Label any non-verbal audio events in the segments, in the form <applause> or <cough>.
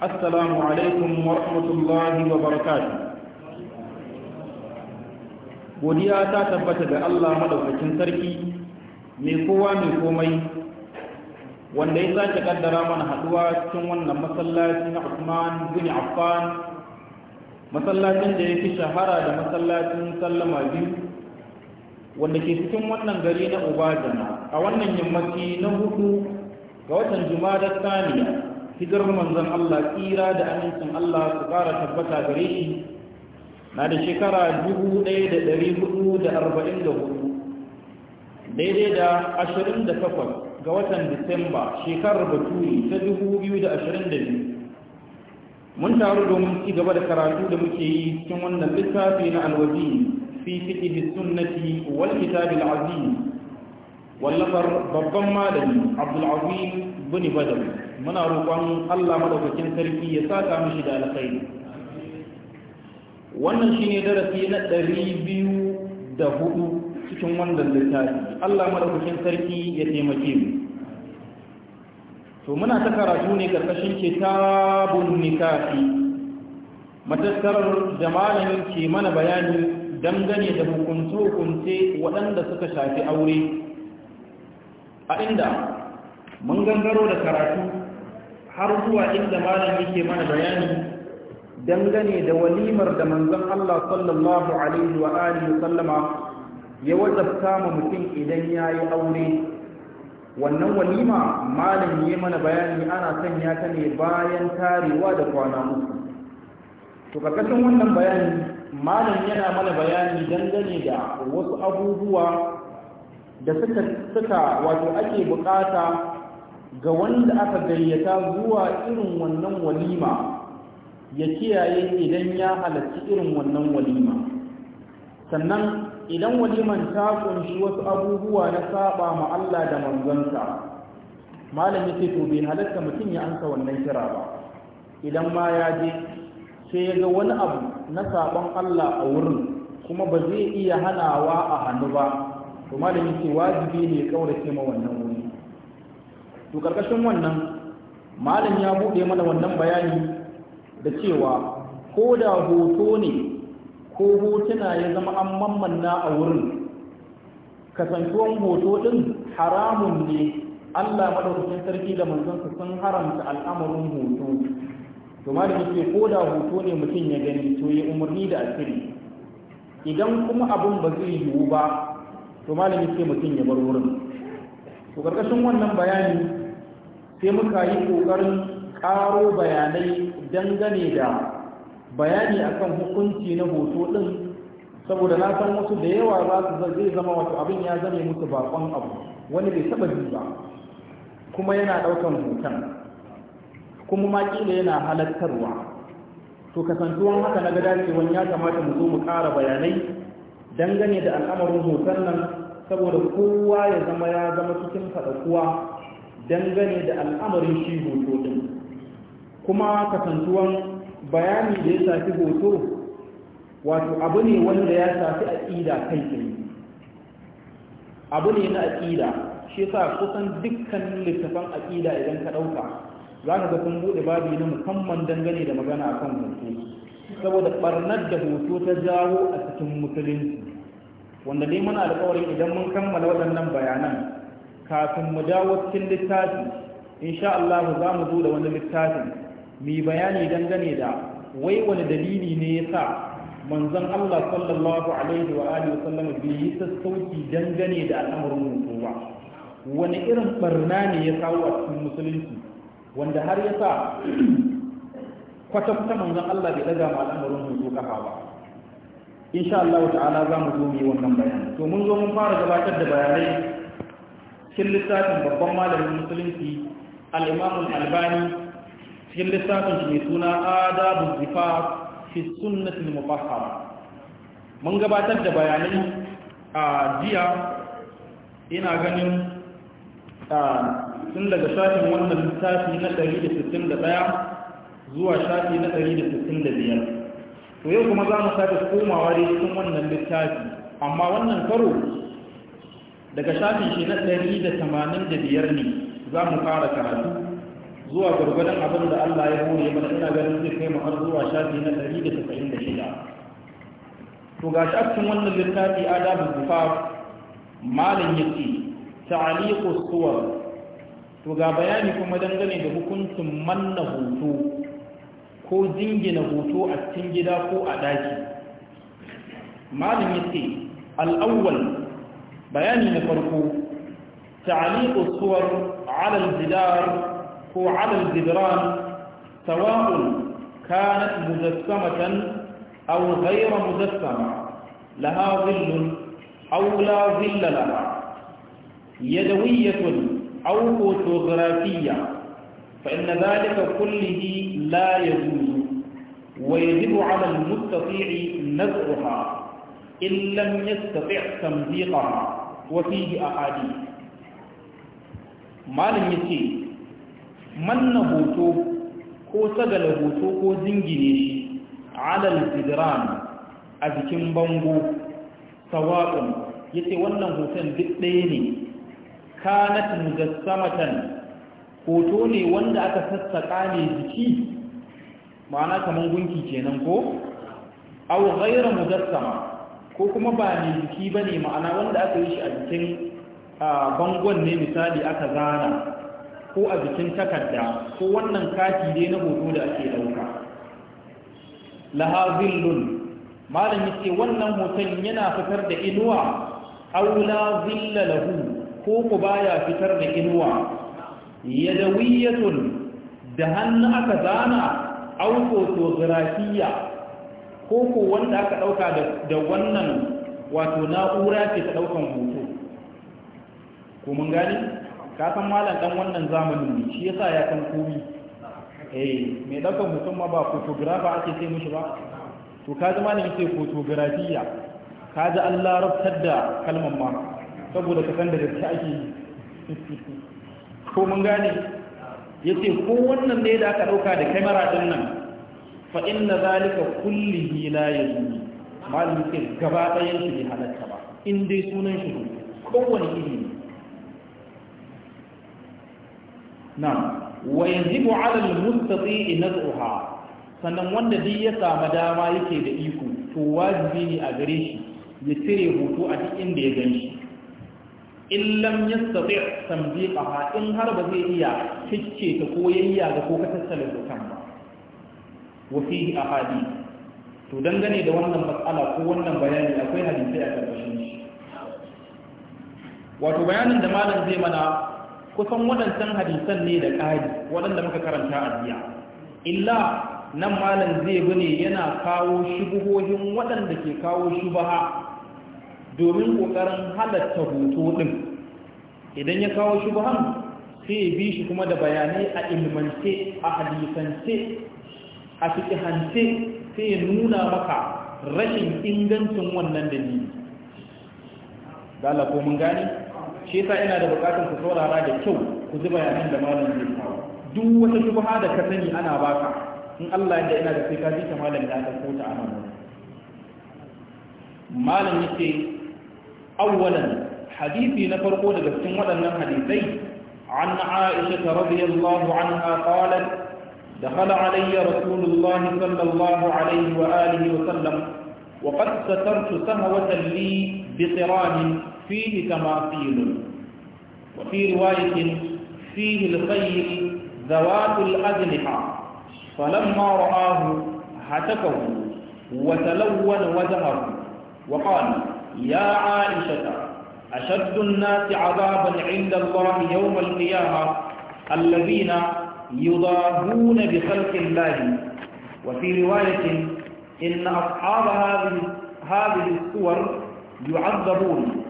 alaikum wa rahmatullahi wa وبركاته godiya ta tabbata ga Allah madaukakin sarki mai kowa mai komai wanda ya sake kaddara mana haduwa cikin wannan masallaci na Usman bin Affan masallacin da ya fi shahara da masallacin sallama biyu wanda ke cikin wannan gari na Ubadana a wannan yammaci na hudu ga watan da Saniya hijirar manzon Allah tsira da amincin Allah su ƙara tabbata gare shi na da shekara 1444 daidai da 28 ga watan Disamba shekarar Baturi ta 2022 mun taru domin ci gaba da karatu da muke yi cikin wannan littafi na alwazi fi fiqh sunnati wal kitab al wallafar babban malami Abdul Azim bin badar muna roƙon Allah madaukakin sarki ya saka mishi da alkhairi wannan shine darasi na ɗari biyu da hudu cikin wannan littafi Allah madaukakin sarki ya taimake mu to muna ta karatu ne karkashin kitabun nikahi matattarar jama'an ke mana bayani dangane da hukunce-hukunce waɗanda suka shafi aure a inda mun gangaro da karatu har zuwa inda malam yake mana bayani dangane da walimar da manzon Allah sallallahu alaihi wa alihi sallama ya wajabta kama mutum idan yayi aure wannan walima malam ya mana bayani ana sanya ta ne bayan tarewa da kwana uku to karkashin wannan bayani malam yana mana bayani dangane da wasu abubuwa da suka suka wato ake bukata ga wanda aka gayyata zuwa irin wannan walima ya kiyaye idan ya halarci irin wannan walima sannan idan waliman ta kunshi wasu abubuwa na saba ma Allah da manzansa malami ce to bai halarta mutum ya ansa wannan kira ba idan ma ya je sai ya ga wani abu na saban Allah a wurin kuma ba zai iya hanawa a hannu ba to malami ce wajibi ne ya kaurace ma wannan to karkashin wannan malam ya buɗe mana wannan bayani da cewa ko da hoto ne ko hotuna ya zama an mammanna a wurin kasantuwan hoto ɗin haramun ne Allah madaukakin sarki da manzansa sun haramta al'amarin hoto to malam ce ko da hoto ne mutum ya gani to ya umarni da asiri idan kuma abin ba zai yiwu ba to malam ce mutum ya bar wurin to karkashin wannan bayani sai muka yi ƙoƙarin ƙaro bayanai dangane da bayani akan hukunci na hoto ɗin saboda na san wasu da yawa za su zai zama wato abin ya zame musu bakon abu wani bai saba ji ba kuma yana ɗaukan hoton kuma ma ƙila yana halattarwa to kasantuwan haka na gada cewan ya kamata mu zo mu ƙara bayanai dangane da al'amarin hoton nan saboda kowa ya zama ya zama cikin faɗakuwa dangane da al'amarin shi hoto din kuma kasantuwan bayani da ya shafi hoto wato abu ne wanda ya shafi aƙida kai tsaye abu ne na aƙida shi yasa kusan dukkan littafan aƙida idan ka ɗauka za ka ga kun buɗe babu na musamman dangane da magana akan hoto saboda ɓarnar da hoto ta jawo a cikin musulunci wanda dai muna alƙawarin idan mun kammala waɗannan bayanan kafin mu dawo cikin littafi insha Allah za mu zo da wani littafin mu bayani dangane da wai wani dalili ne ya sa manzon Allah sallallahu alaihi wa alihi wa sallam bai yi sassauci dangane da al'amarin mutu ba wani irin barna ne ya kawo a cikin musulunci wanda har ya sa kwata-kwata manzon Allah bai daga ma al'amarin mutu kafa ba insha Allah ta'ala za mu zo mu yi wannan bayani to mun zo mun fara gabatar da bayanai cikin lissafin babban malamin musulunci al'imamun albani cikin lissafin shi mai suna adabu zifa fi sunnatin mufahara mun gabatar da bayanai a jiya ina ganin sun daga shafin wannan littafi na 161 zuwa shafi na 165 to yau kuma za mu sake komawa da cikin wannan littafi amma wannan karo daga shafin shi na ɗari da tamanin da biyar ne za mu fara karatu zuwa gwargwadon abin da Allah ya hore mana ina ganin zai kai mu har zuwa shafi na ɗari da tasa'in da shida to ga shafin wannan littafi adabu zufa malam ya ce ta'aliqu suwar to ga bayani kuma dangane da hukuncin manna hoto ko jingina hoto a cikin gida ko a daki malam ya ce al'awwal بيان المفرقو تعليق الصور على الجدار هو على الجدران سواء كانت مجسمة أو غير مجسمة لها ظل أو لا ظل لها يدوية أو فوتوغرافية فإن ذلك كله لا يجوز ويجب على المستطيع نزعها إن لم يستطع تمزيقها وفيه أحاديث ما لم man na hoto, ko sagala hoto ko zingine shi alal zidran a jikin bango sawa'un yace wannan hoton duk ɗaya ne kanat mujassamatan hoto ne wanda aka sassaka ne jiki ma'ana kaman gunki kenan ko aw ghayra mujassama ko kuma ba ne jiki ba ne ma'ana wanda aka yi shi a jikin bangon ne misali aka zana ko a jikin takarda ko wannan kati dai na hoto da ake ɗauka lahazillun malam ce wannan hoton yana fitar da inuwa aula zilla lahu ko ku baya fitar da inuwa yadawiyatun da hannu aka zana autotografiyya ko ko wanda aka ɗauka da wannan wato na'ura ce ta ɗaukan hoto ko mun gani ka san malam ɗan wannan zamanin ne shi yasa ya san komi eh mai ɗaukan hoton ma ba photographer ake sai mishi ba to ka ji malamin sai fotografiya. ka ji Allah rabtar da kalmar ma saboda ka san da gaske ake yi <laughs> ko mun gane yace ko wannan ne da aka ɗauka da kamera ɗin nan fa inna zalika kullihi la yajuzu malami ke gaba ɗayan shi bai halatta ba in dai sunan shi kowane iri ne na wa yajibu ala al-mustati nad'uha sannan wanda duk ya samu dama yake da iko to wajibi ne a gare shi ya cire hoto a duk inda ya gan shi in lam yastati tambiqaha in har ba zai iya kicce ta ko yayya ga ko ka tattala hoton ba wa a ahadith to dangane da wannan matsala ko wannan bayani akwai hadisi a karkashin shi wato bayanin da malam zai mana kusan waɗancan hadisan ne da ƙari waɗanda muka karanta a jiya illa nan malam zai ne yana kawo shubuhohin waɗanda ke kawo shubaha domin ƙoƙarin halatta hoto ɗin idan ya kawo shubuhan sai bi shi kuma da bayanai a ilmance a hadisance a hanse sai ya nuna maka rashin ingancin wannan dalili da Allah mun gane shi yasa ina da bukatar ku saurara da kyau ku ji bayanan da malam zai kawo duk wata shubha da ka sani ana baka in Allah yadda ina da sai ka ji ta malam da aka kota a nan malam yake awwalan hadisi na farko daga cikin waɗannan hadisai an Aisha radiyallahu anha qalat دخل علي رسول الله صلى الله عليه وآله وسلم وقد سترت سهوة لي بقران فيه تماثيل وفي رواية فيه الخيل ذوات الأجنحة فلما رآه هتكه وتلون وزهر وقال يا عائشة أشد الناس عذابا عند الله يوم القيامة الذين يضاهون بخلق الله وفي رواية إن أصحاب هذه الصور يعذبون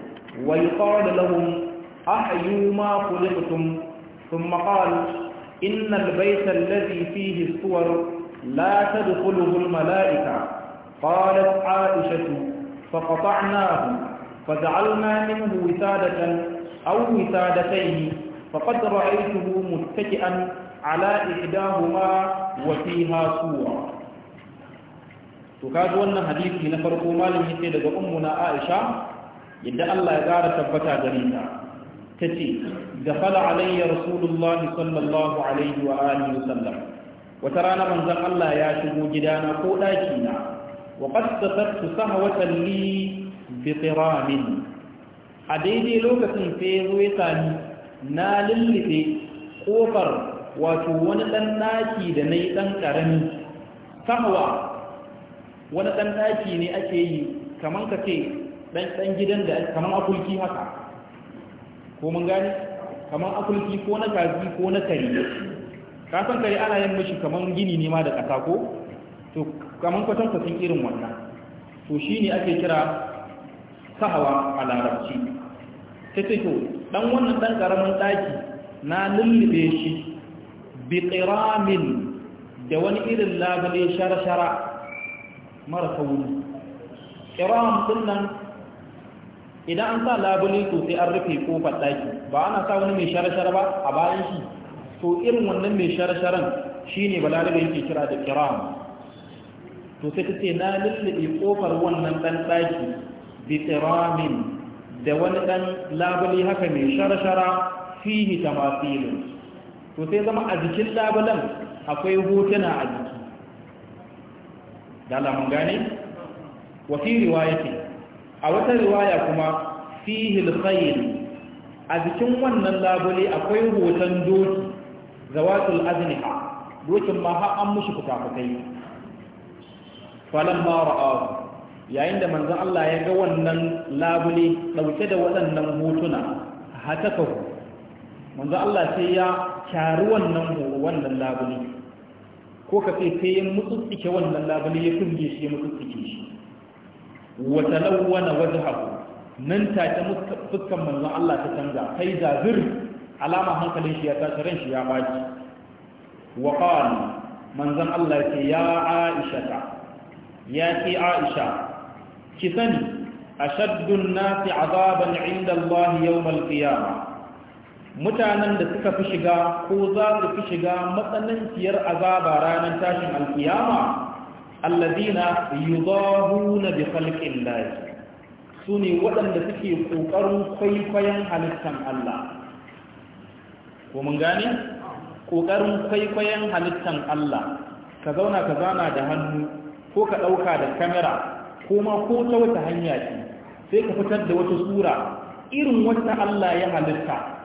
ويقال لهم أحيوا ما خلقتم ثم قال إن البيت الذي فيه الصور لا تدخله الملائكة قالت عائشة فقطعناه فجعلنا منه وسادة أو وسادتين فقد رأيته متكئا ala ihdahuma wa fiha suwa to kaji wannan hadisi na farko malam yake daga ummuna Aisha yadda Allah ya kara tabbata gare ta tace dakhala alayya rasulullah sallallahu alaihi wa alihi wasallam wata rana manzon Allah ya shigo gidana ko daki na wa qad satattu sahwatan li bi qiramin a daidai lokacin sai ya zo ya sami na lullufe kofar wato wani ɗan ɗaki da na yi ɗan ƙarami sahwa wani ɗan ɗaki ne ake yi kamar ka ce ɗan gidan da kamar akulki haka ko mun gani kamar akulki ko na kaji ko na Ka san kare ana yin mashi kamar gini ne ma da ƙasa ko to kamar kwatan kwatan irin wannan to shi ne ake kira sahawa a larabci ta ce to ɗan wannan ɗan ƙaramin ɗaki na lullube shi biƙiramin da wani irin labule shara-shara marasa kauni ƙiram sunan, idan an sa labule to sai an rufe ƙofar ɗaki ba ana sa wani mai shara-shara ba a bayan shi to irin wannan mai shara-sharan shi ne balarabe yake kira da kiram. to sai ta ce na lullube ƙofar wannan ɗan ɗaki biƙiramin da wani ɗan labule haka mai shara-shara fihi tamasilin to sai zama a jikin labulan akwai hotuna a jiki da lamun gane wa riwaya riwayati a wata riwaya kuma fihi alkhayl a jikin wannan labule akwai hoton doki zawatul azniha dokin ma har an mushi fukafukai falamma ra'ahu yayin da manzon Allah ya ga wannan labule dauke da waɗannan hotuna hatakahu manzon Allah sai ya cari wannan horo wannan labule ko ka ce sai ya mutsutsike wannan labule ya kunge shi ya mutsutsike shi wata lawwana wajen haku nan ta ta fuskan manzon Allah ta canza kai zazir alama hankalin shi ya tashi ran shi ya baci wa qala manzon Allah ce ya Aisha ta ya ce Aisha ki sani ashaddun nasi azaban inda Allah yawm al-qiyamah mutanen da suka fi shiga ko za su fi shiga matsananciyar azaba ranar tashin alkiyama allazina yudahuna bi khalqin lahi sune waɗanda suke kokarin kwaikwayon halittan Allah ko mun gane kokarin kwaikwayon halittan Allah ka zauna ka zana da hannu ko ka ɗauka da kamera ko ma ko ta wata hanya ce sai ka fitar da wata sura irin wata Allah ya halitta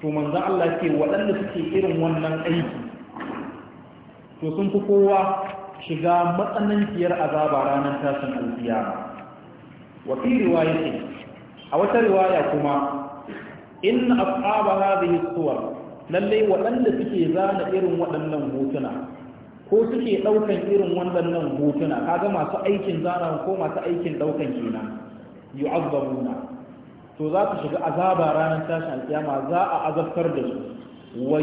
to manzan Allah ke waɗanda suke irin wannan aiki to sun fi kowa shiga matsananciyar azaba ranar tashin alkiyama wa fi ce, a wata riwaya kuma in asaba hadhihi suwar lallai waɗanda suke zana irin waɗannan hotuna ko suke ɗaukan irin waɗannan hotuna kaga masu aikin zana ko masu aikin ɗaukan kenan yu'azzabuna to za su shiga azaba ranar tashin alkiyama za a azabtar da su wa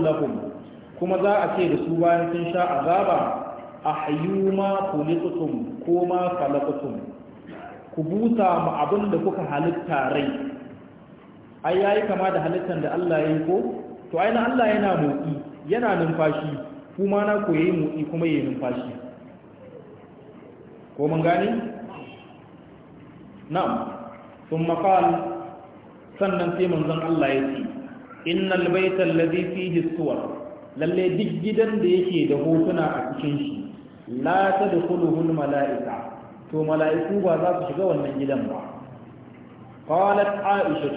lahum kuma za a ce da su bayan sun sha azaba ahyu ma khuliqtum ko ma ku busa ma abin da kuka halitta rai ai yayi kama da halittar da Allah ya yi ko to ai na Allah yana motsi yana numfashi kuma na koyi motsi kuma yi numfashi ko mun gane na'am ثم قال sannan sai manzon Allah ya ce innal baita allazi fihi suwar lalle duk gidan da yake da hotuna a cikin shi la tadkhuluhul malaika to malaiku ba za su shiga wannan gidan ba qalat aisha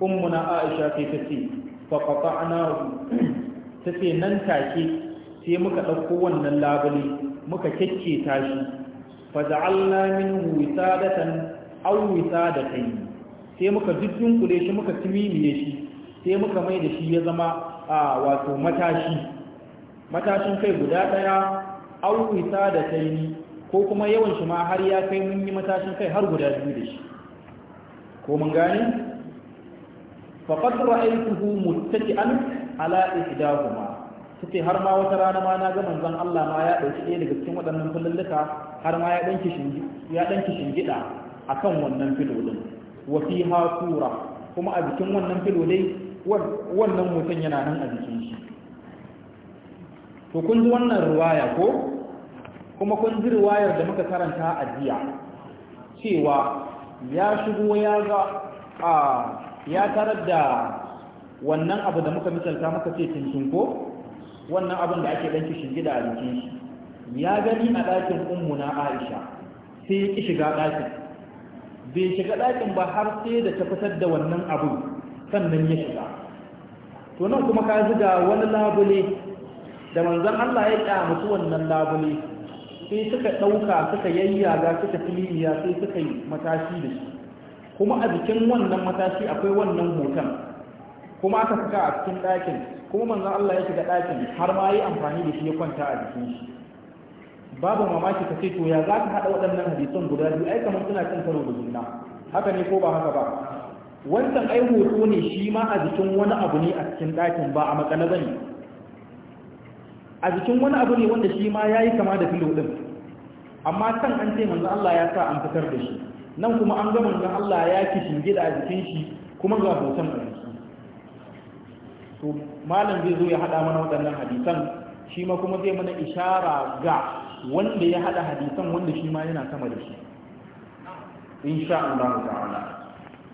ummuna aisha ce tace fa qata'na tace nan take sai muka dauko wannan labule muka kekke shi. fa ja'alna minhu wisadatan auwisa da kai sai muka dudunkule shi muka timimiye shi sai muka mai da shi ya zama a wato matashi matashin kai guda daya auwisa da kai ko kuma yawan shi ma har ya kai mun yi matashin kai har guda biyu da shi ko mun gane faqad ra'aytuhu muttaki'an ala ihdahuma sai har ma wata rana ma na ga manzon Allah ma ya dauki ɗaya daga cikin waɗannan duka, har ma ya danki shingi ya danki shingida akan wannan filolin din wa kuma a jikin wannan filo wannan mutum yana nan a jikin shi to kun ji wannan riwaya ko kuma kun ji riwayar da muka karanta a jiya cewa ya shigo ya ga a ya tarar da wannan abu da muka misalta muka ce cincin ko wannan abin da ake ɗanki gida a jikin shi ya gani a ɗakin na aisha sai ya ƙi shiga ɗakin bai shiga ɗakin ba har sai da ta fitar da wannan abu sannan ya shiga to nan kuma ka ziga wani labule da manzon Allah ya kyamutu wannan labule sai suka ɗauka suka yayyaga suka filimiya sai suka yi matashi da shi kuma a jikin wannan matashi akwai wannan hoton kuma aka saka a cikin ɗakin kuma manzon Allah ya shiga ɗakin har ma yi amfani da shi ya kwanta a jikin shi babu mamaki ka ce to ya za ka haɗa waɗannan hadisan guda biyu ai kamar suna cin karo da juna haka ne ko ba haka ba wancan ai hoto ne shi ma a jikin wani abu ne a cikin ɗakin ba a makana bane a jikin wani abu ne wanda shi ma yayi kama da filo din amma kan an ce manzo Allah ya sa an fitar da shi nan kuma an ga manzo Allah ya kishin gida a jikin shi kuma ga hoton a to malam zai zo ya haɗa mana waɗannan hadisan shi ma kuma zai mana ishara ga wanda ya hada hadisan wanda shi ma yana sama da shi insha Allah ta'ala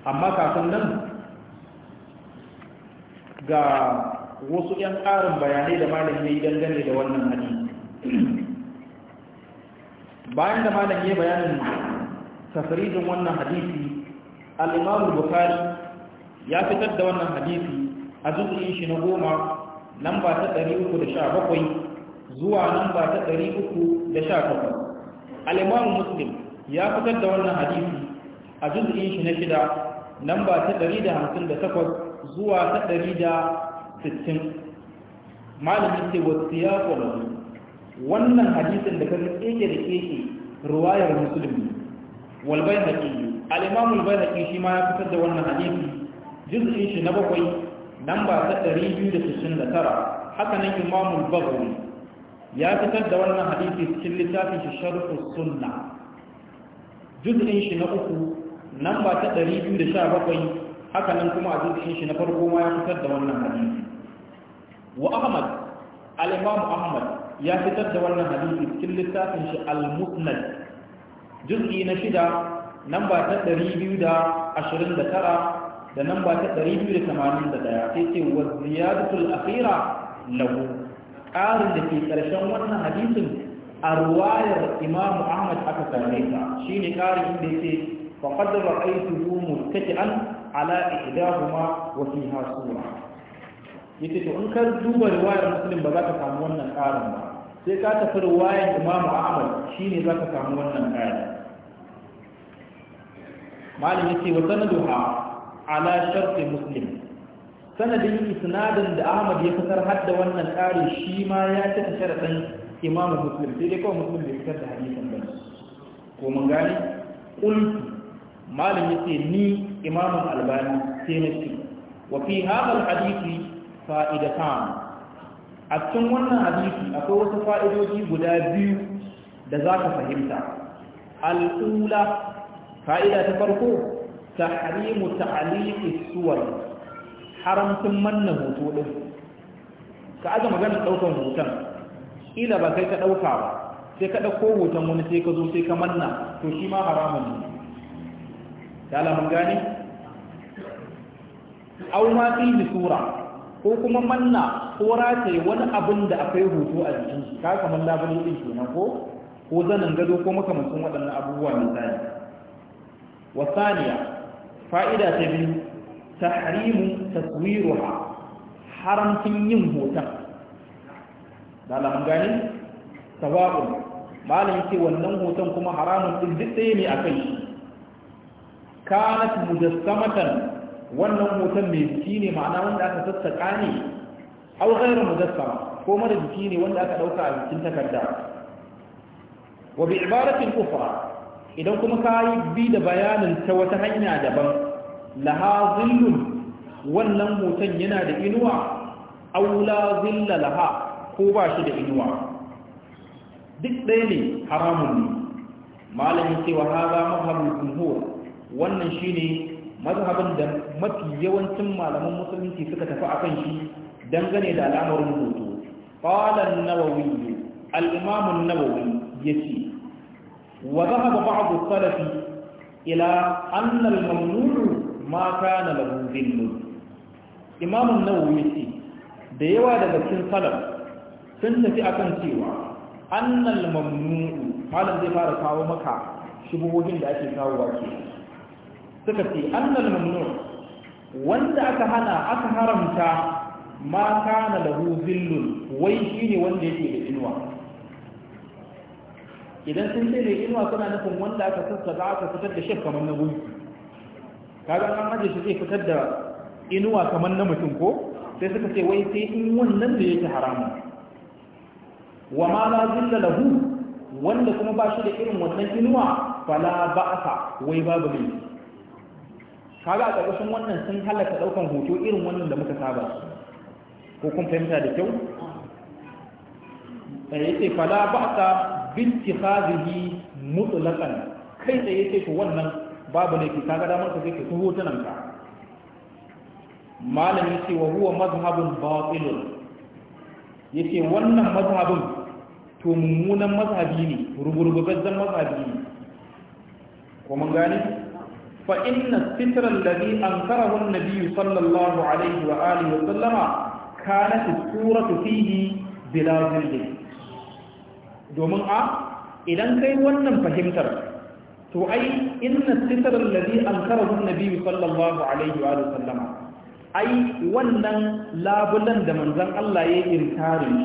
amma kafin nan ga wasu 'yan ƙarin bayanai da malam ya yi dangane da wannan hadisi bayan da malam ya bayanin tafrijin wannan hadisi al-imam bukhari ya fitar da wannan hadisi a juz'in shi na goma lamba ta 317 zuwa namba ta 318 al-imam muslim ya fitar da wannan hadisi a juz'in shi na shida namba ta 158 zuwa ta 160 malamin ce ya siyaqu wannan hadisin da kan keke da keke ruwayar muslim walbai haƙi alimam walbai haƙi shi ma ya fitar da wannan hadisi juz'in shi na bakwai namba ta 269 haka nan imam al-baghawi ya fitar da wannan hadisi cikin littafin shi sharhu sunna juz'in shi na uku namba ta 217 haka nan kuma a juz'in shi na farko ma ya fitar da wannan hadisi wa ahmad al-imam ahmad ya fitar da wannan hadisi cikin littafin shi al-musnad juz'i na shida namba ta 229 da namba ta 281 sai ce wa ziyadatul akhira lahu ƙarin da ke ƙarshen wannan hadisin a ruwayar imamu ahmad aka same ta shi ne ƙarin inda yake faƙadar ra'aitu hu muttaki'an ala ihdahuma wa hasuwa. Ya yace to in ka duba riwayar musulun ba za ka samu wannan ƙarin ba sai ka tafi riwayar imamu ahmad ne za ka samu wannan ƙarin malam yace wa sanaduha ala sharti muslim sanadin isnadin da Ahmad ya fitar har da wannan ƙarin shi ma ya cika sharaɗin Imam Muslim sai dai kawai Muslim bai fitar da hadisin ba ko mun gane qultu malam yace ni Imam Albani sai na ce wa fi hadha al-hadisi fa'idatan a cikin wannan hadisi akwai wasu fa'idoji guda biyu da za ka fahimta al fa'ida ta farko tahrimu ta'liqi suwar haramcin manna hoto ɗin ka aza maganar ɗaukar hoton ila ba kai ka ɗauka ba sai ka ɗauko hoton wani sai ka zo sai ka manna to shi ma haramun ne ya lamun gane au ma fi sura ko kuma manna ko rataye wani abin da akwai hoto a jikin shi ka kamar labule ɗin kenan ko ko zanen gado ko makamancin waɗannan abubuwa misali wasaniya fa'ida ta biyu tahrimu taswiruha haramcin yin hoton da lamun gani sawa'un malam wannan hoton kuma haramun din duk ɗaya ne a kai kanat mujassamatan wannan hoton mai jiki ne ma'ana wanda aka sassaka ne au ghairu mujassama ko mara jiki ne wanda aka ɗauka a bikin takarda wa bi ibaratin kufra idan kuma ka yi bi da bayanin ta wata hanya daban laha zillun wannan hoton yana da inuwa aula zilla laha ko ba shi da inuwa duk ɗaya ne haramun ne malamin cewa haza mazhabul jumhur wannan shine mazhabin da mafi yawancin malaman musulunci suka tafi akan shi dangane da al'amarin hoto Falan an-nawawi al-imam an-nawawi wa dhahaba ba'd as ila anna al ma kana lahu dhillu imam nawawi ce da yawa daga cikin salaf sun tafi akan cewa annal mamnu'u malam zai fara kawo maka shubuhohin da ake kawo wa ke suka ce annal mamnu' wanda aka hana aka haramta ma kana lahu dhillun wai shine wanda yake da inuwa idan sun ce da inuwa suna nufin wanda aka sassaka aka fitar da shek kamar na gunki kaga an aje shi zai fitar da inuwa kamar na mutum ko sai suka ce wai sai in wannan da yake haramu wa ma la zilla lahu wanda kuma ba shi da irin wannan inuwa fala ba'sa wai babu ne kaga a ƙarƙashin wannan sun halaka ɗaukan hoto irin wannan da muka saba ko kun fahimta da kyau eh, yace fala ba'sa bi ittikhadhihi mutlaqan kai da yake to wannan babu laifi kaga damar ka sai ka hotunan ka malami ce wa huwa mazhabun batilun yace wannan mazhabin to mummunan mazhabi ne rugurgugazzan mazhabi ne ko mun gane fa inna sitra alladhi ankarahu an-nabiy sallallahu alaihi wa alihi wa sallama kanat suratu fihi bila zilli domin a idan kai wannan fahimtar to ai inna sitar alladhi ankarahu an-nabi sallallahu alaihi wa sallama ai wannan labulan da manzon Allah ya inkarin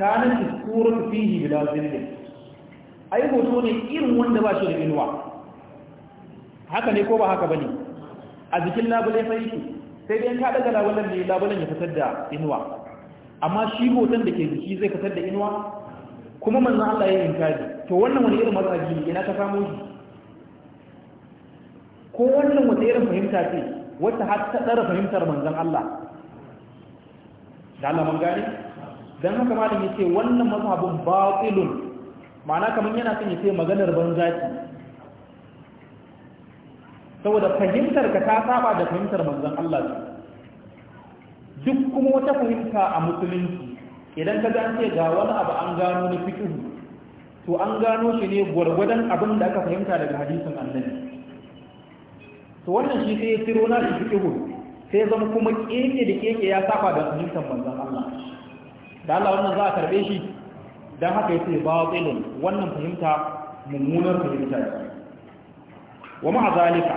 kana tiskurun fihi bila zilli ai hoto ne irin wanda ba shi da inuwa haka ne ko ba haka bane a jikin labule sai shi sai dai ka daga labulan ne labulan ya fitar da inuwa amma shi hoton da ke jiki zai fitar da inuwa kuma manzon Allah ya inkari to wannan wani irin matsaji ne ina ka samu shi ko wannan wata irin fahimta ce wata har ta tsara fahimtar manzon Allah da mun gane dan haka malam yace wannan mazhabun batilun ma'ana kaman yana son yace maganar banza ce saboda fahimtar ka ta saba da fahimtar manzon Allah duk kuma wata fahimta a musulunci idan ka gane ga wani abu an gano na fiqh to an gano shi ne gwargwadon abin da aka fahimta daga hadisin annabi to wannan shi sai ya tiro na shi hudu sai zama kuma keke da keke ya saba da sunnatan manzon Allah da Allah wannan za a karbe shi dan haka yace batilun wannan fahimta mummunar fahimta ce wa ma'a zalika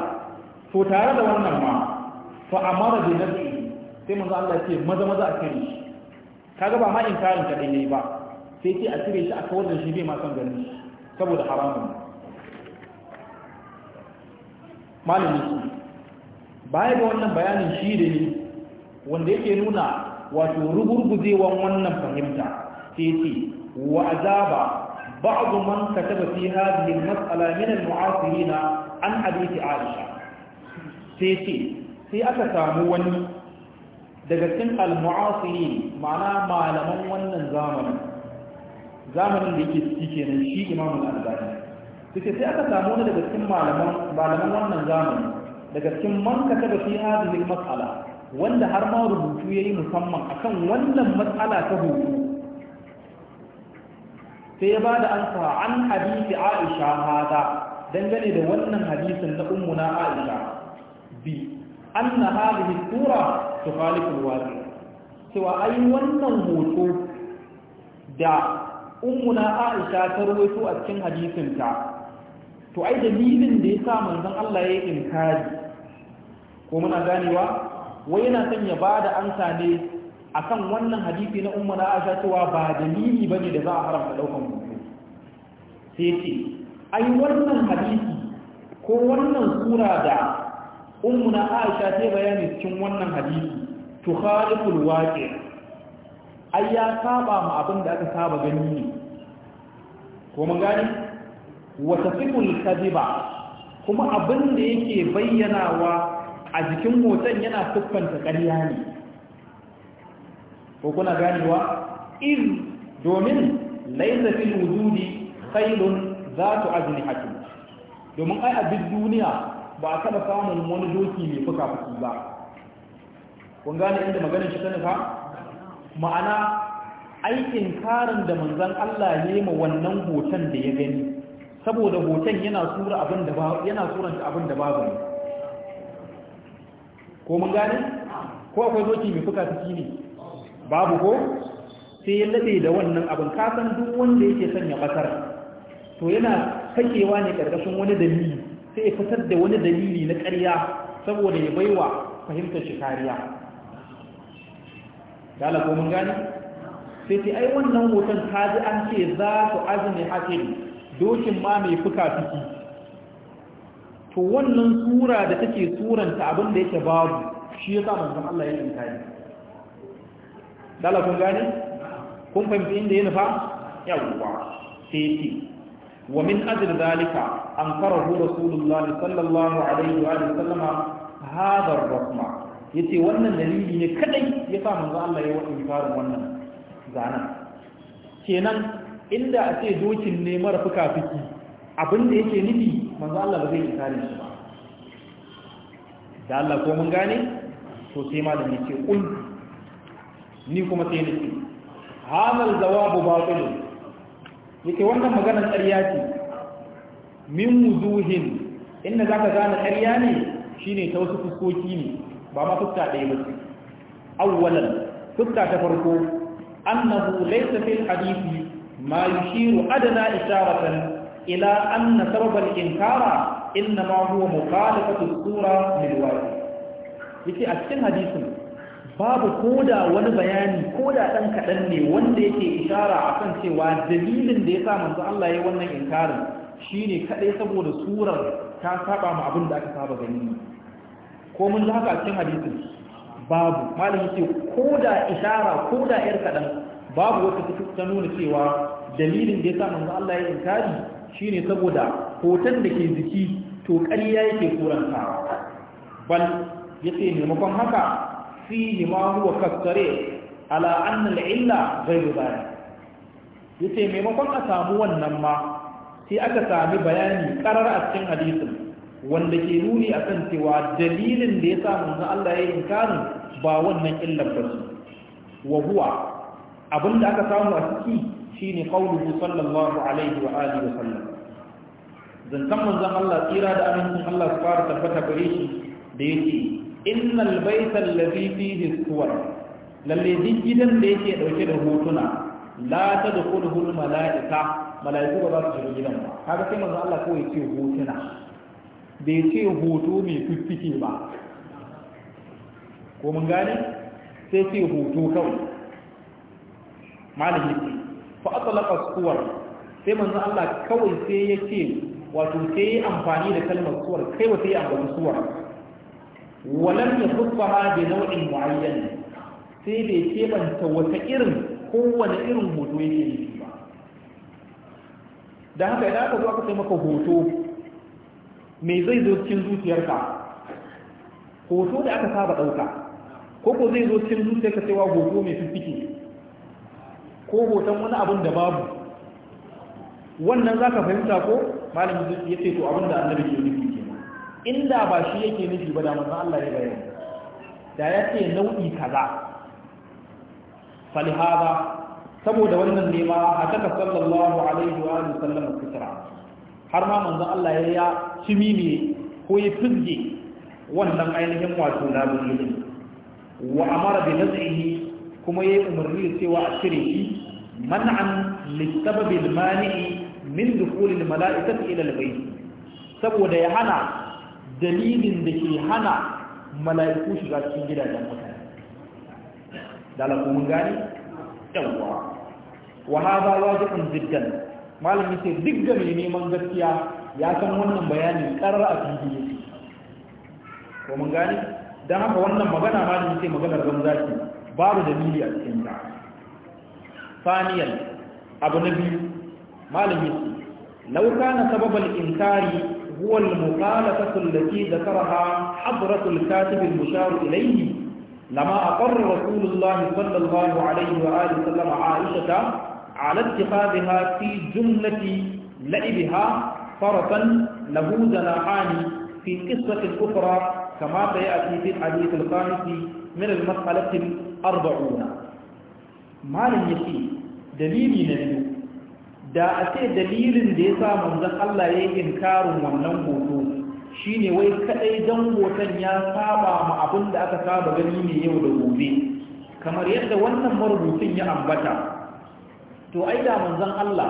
to tare da wannan ma fa amara bi nafsi sai manzon Allah ce maza maza a kire shi kaga ba ma inkarin dai ne ba sai ce a cire shi a kawar da shi bai ma san ganin shi saboda haramun malamin su baya ga wannan bayanin shi da ne wanda yake nuna wato rugurguzewan wannan fahimta sai ce wa azaba بعض ka كتب في هذه المسألة من المعاصرين عن حديث عائشة sai aka samu wani daga cikin al muasirin ma'ana malaman wannan zamanin zamanin da yake ciki kenan shi imamul albani suke sai aka samu wani daga cikin malaman wannan zamani daga cikin man kataba fi hadhihi mas'ala wanda har ma rubutu yayi musamman akan wannan mas'ala ta hutu sai ya bada ansa an hadisi Aisha hada dangane da wannan hadisin na ummuna Aisha bi anna hadhihi sura tukhalifu alwaqi cewa ai wannan hoto da ummuna Aisha ta rawaito a cikin hadisin ta to ai dalilin da ya sa manzon Allah ya inkari ko muna ganewa wai yana son ya ba da amsa ne akan wannan hadisi na ummu na Aisha cewa ba dalili bane da za a haramta daukan mutum sai ce ai wannan hadisi ko wannan sura da ummu na Aisha ta bayani cikin wannan hadisi To tukhaliful waqi ai ya saba mu abin da aka saba gani ne ko mun gani wata fikul kadiba kuma abin da yake bayyanawa a jikin hoton yana siffanta ƙarya ne ko kuna ganewa iz domin laisa fil wujudi khailun zatu hakim domin ai a duk duniya ba a kada samun wani doki mai fuka-fuki ba kun gane inda maganin shi tana ma'ana aikin karin da manzon Allah ne ma wannan hoton da ya gani saboda hoton yana sura abin da babu yana shi abin da babu ko mun gane ko akwai doki mai fuka ta ne babu ko sai ya lade da wannan abin Ka san duk wanda yake son ya batar to yana fakewa ne karkashin wani dalili sai ya fitar da wani dalili na ƙarya saboda ya baiwa fahimtar shi kariya dala ko mun gane sai ta ai wannan hoton ta ji an ce za su azumi hakiri dokin ma mai fuka fiki to wannan sura da take suranta abin da yake babu shi ya sa manzon Allah ya inkari dala kun gane kun fahimci inda ya nufa yawwa sai yake wa min ajr zalika ankarahu rasulullahi sallallahu alaihi wa sallama hadha ar Ya ce wannan dalili ne kadai ya sa manzon Allah ya wa inkarin wannan zanan kenan inda a ce dokin ne mara fuka-fuki abinda yake nufi manzo Allah ba zai isa ne shi ba da Allah ko mun gane to sai malam ya ce kul ni kuma sai ni ce hamal jawabu batil yake wannan magana ƙarya ce min wuzuhin inda zaka gane ƙarya ne shine ta wasu fuskoki ne ba ma fuska ɗaya ba awwalan fuska ta farko annahu laysa fil hadithi ما يشير أدنى إشارة إلى أن سبب الإنكار إنما هو مخالفة الصورة للواقع yace a cikin hadisin babu koda wani bayani koda dan kadan ne wanda yake ishara akan cewa dalilin da yasa manzo Allah yi wannan inkarin shine kadai saboda surar ta saba mu abin da aka saba gani ko mun ji haka a cikin hadisin babu malami ce koda ishara koda yar kadan babu wata ta nuna cewa dalilin da ya sa manzo Allah ya inkari shine saboda hoton da ke jiki to ƙarya yake kuranta bal yace maimakon haka fihi ma huwa kasare ala anna al-illa ghayru zalik yace maimakon a samu wannan ma sai aka sami bayani karar a cikin hadisin wanda ke nuni akan cewa dalilin da ya sa manzo Allah ya inkari ba wannan illar ba wa huwa abinda aka samu a ciki shine qauluhu sallallahu alaihi wa alihi wa sallam zantan manzon Allah tsira da amincin Allah su fara tabbata gare shi da yake innal baita allazi fihi suwar lalle duk gidan da yake dauke da hotuna la tadkhuluhu al malaika malaiku ba za su shiga gidan ba kaga sai manzon Allah kawai ce hotuna bai ce hoto mai fiffike ba ko mun gane sai ce hoto kawai malami fa atlaqa suwar sai manzo Allah kawai sai yake wato sai yi amfani da kalmar suwar kai wa sai yi amfani suwar walam yakhuffaha bi naw'in mu'ayyan sai bai kebanta wata irin kowane irin hoto yake yi ba da haka idan aka zo aka sai maka hoto me zai zo cikin zuciyarka hoto da aka saba ɗauka ko ko zai zo cikin zuciyarka cewa hoto mai fiffike ko hoton wani abin da babu wannan za ka fahimta ko malamin ya ce to abin da annabi ke nufi ke inda ba shi yake nufi ba da manzan Allah ya bayyana. da ya ce nau'i kaza falihaba saboda wannan nema hataka sallallahu alaihi wa sallam fitra har ma manzan Allah ya ya cimi ne ko ya fizge wannan ainihin wato na labulin wa amara bi naz'ihi kuma yayi umarni da cewa a cire shi man'an lissababil mani'i min dukulil mala'ikati ila albayt saboda ya hana dalilin da ke hana mala'iku shiga cikin gidajen mutane dala ko mun gani yawwa wa hada wajibun jiddan malam yace duk ga mai neman gaskiya ya san wannan bayanin karar a cikin yake ko mun gani dan haka wannan magana malam sai maganar banza ce babu dalili a cikin ta ثانيا أبو نبي ما لم لو كان سبب الإنكار هو المخالفة التي ذكرها حضرة الكاتب المشار إليه لما أقر رسول الله صلى الله عليه وآله وسلم عائشة على اتخاذها في جملة لعبها طرفا له جناحان في قصة أخرى كما سيأتي في الحديث الخامس من المسألة الأربعون ما لم يشيء dalili na biyu da a ce dalilin da ya sa manzan Allah ya yi wannan hoto shine wai kaɗai don hoton ya saba ma abin da aka saba gani ne yau da gobe kamar yadda wannan marubutun ya ambata to ai da manzan Allah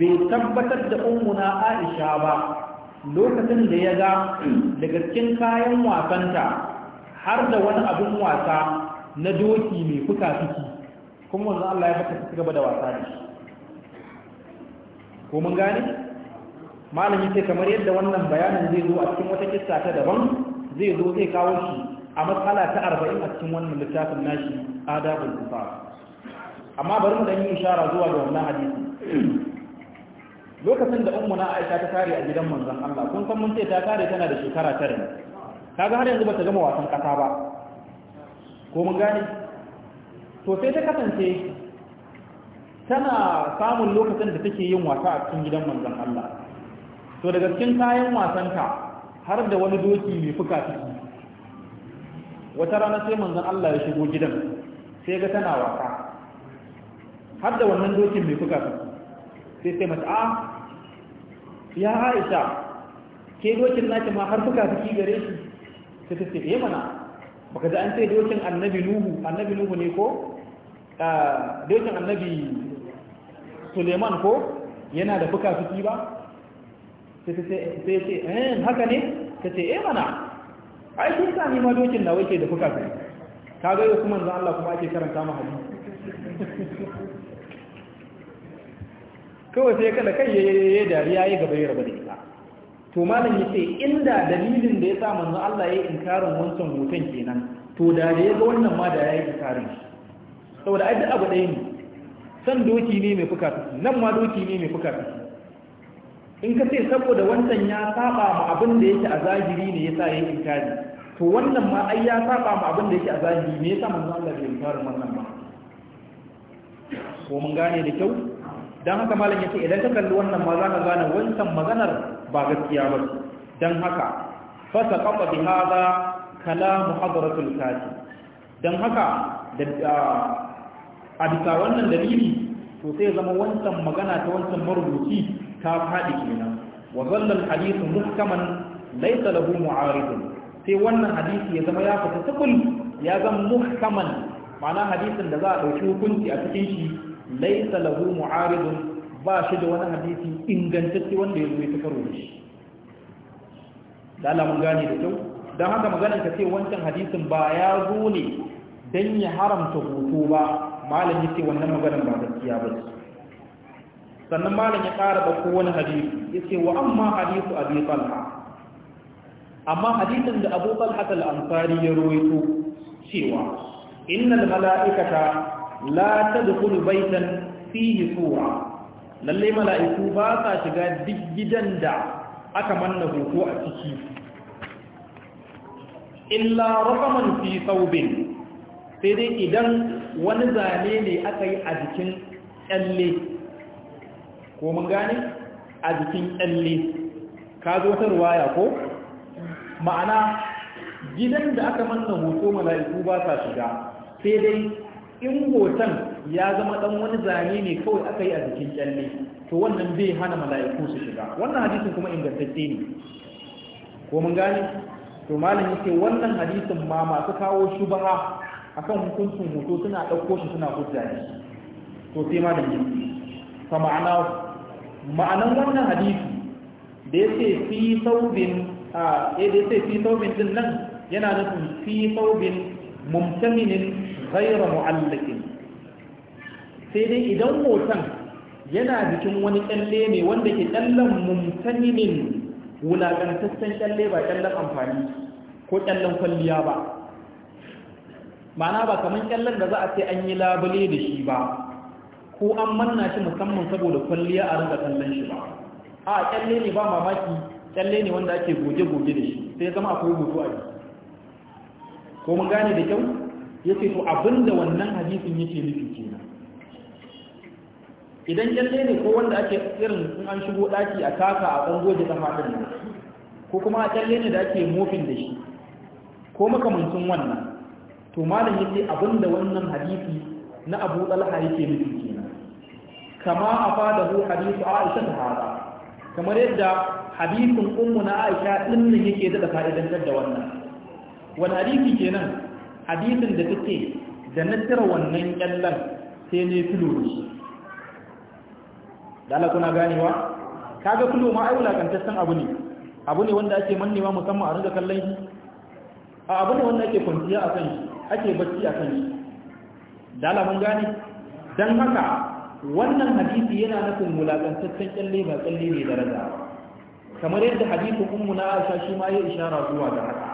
bai tabbatar da ummuna Aisha ba lokacin da ya ga daga cikin kayan wasanta har da wani abin wasa na doki mai fuka-fiki kuma wanzu Allah ya baka su gaba da wasa da shi ko mun gane malami ce, kamar yadda wannan bayanin zai zo a cikin wata kissa ta daban zai zo zai kawo shi a matsala ta arba'in a cikin wannan littafin nashi adabul kufar amma bari mu dan yi ishara zuwa ga wannan hadisi lokacin da ummu na Aisha ta kare a gidan manzon Allah kun san mun ce ta kare tana da shekara 9 kaga har yanzu bata gama wasan kasa ba ko mun gane to sai ta kasance tana samun lokacin da take yin wasa a cikin gidan manzon Allah to daga cikin kayan wasanta har da wani doki mai fuka ciki wata rana sai manzon Allah ya shigo gidan sai ga tana wasa har da wannan dokin mai fuka ciki sai sai mata a ah, ya Aisha ke dokin naki ma har fuka ciki gare shi sai ta ce eh mana baka ji an ce dokin annabi nuhu annabi nuhu ne ko Ah, dokin annabi suleiman ko yana da fuka fuki ba sai ce eh, haka ne ta ce eh mana Aiki, kun sa ma dokin nawa ke da fuka fuki ka ga kuma kuma Allah kuma ake karanta mu <laughs> kawai sai kada kai yi dariya yi gaba yi rabu da ita to malam ce inda dalilin da ya sa manzo Allah ya yi inkarin wancan hoton kenan to da da ga wannan ma da yi inkarin shi saboda ai duk abu ɗaya ne san doki ne mai fuka nan ma doki ne mai fuka in ka ce saboda wancan ya saba ma abin da yake a zahiri ne yasa yayi inkari to wannan ma ai ya saba ma abin da yake a zahiri ne yasa manzo Allah bai inkari wannan ba ko mun gane da kyau dan haka malam yace idan ka kalli wannan ma za ka gane wancan maganar ba gaskiya ba dan haka fa saqata bi hadha kalamu hadratul kati dan haka da ah, a bisa wannan dalili to sai zama wancan magana ta wancan marubuci ta faɗi kenan wa zallan hadithu muhkaman laysa lahu mu'aridun sai wannan hadisi ya zama ya fita tukun ya zama muhkaman ma'ana hadisin da za a ɗauki hukunci a cikin shi laysa lahu mu'aridun ba shi da wani hadisi ingantacce wanda ya zo ya tukaro da shi da Allah gane da kyau don haka maganar ka ce wancan hadisin ba ya zo ne don ya haramta hoto ba malam yace wannan maganar ba gaskiya ba ce sannan malam ya ƙara ɗauko wani hadisi yace wa amma hadisu abi talha amma hadisin da abu talha al-ansari ya rawaito cewa innal mala'ikata la tadkhulu baytan fihi sura lalle mala'iku ba sa shiga duk gidan da aka manna hoto a ciki illa raqaman fi thawbin sai dai idan wani zane ne aka yi a jikin ƙyalle ko mun gane a jikin ƙyalle ka zo ta ruwaya ko ma'ana gidan da aka manna hoto mala'iku ba sa shiga sai dai in hoton ya zama ɗan wani zane ne kawai aka yi a jikin ƙyalle to wannan bai hana mala'iku su shiga wannan hadisin kuma ingantacce ne ko mun gane to malamin ce wannan hadisin ma masu kawo shubaha akan hukuncin hoto suna ɗauko shi suna hujja ne to sai ma da ne fa ma'ana ma'anan wannan hadisi da yace fi saubin a eh da yace fi saubin din nan yana nufin fi saubin mumtaminin ghayra mu'allaqin sai dai idan hoton yana jikin wani kalle ne wanda ke kyallen mumtaminin wulakantaccen kalle ba kyallen amfani ko kyallen kwalliya ba ma'ana ba kamar kyallan da za a ce an yi labule da shi ba ko an manna shi musamman saboda kwalliya a rinka kallon shi ba a kyalle ne ba mamaki kyalle ne wanda ake goge-goge da shi sai zama akwai hoto a yi. ko mun gane da kyau ya ce to abinda wannan hadisin yake nufi kenan idan kyalle ne ko wanda ake irin in an shigo daki a kaka a ɗan goje ɗan haɗin ko kuma a kyalle ne da ake mofin da shi ko makamancin wannan to malam yace abinda wannan hadisi na Abu Talha yake nufi kenan kama afadahu hadithu Aisha ta hada kamar yadda hadisin ummu na Aisha din ne yake da fa'idantar da wannan wani hadisi kenan hadisin da take da na tira wannan kallan sai ne filo shi da Allah kuna ganewa kaga filo ma ai wulakantaccen abu ne abu ne wanda ake mannewa musamman a rinka kallon shi a abu ne wanda ake kwanciya a kan shi ake bacci a kan shi dala mun gane dan haka wannan hadisi yana nufin mulakantaccen kyalle ba kyalle mai daraja kamar yadda hadisi ummu na Aisha shi ma ya isharar zuwa da haka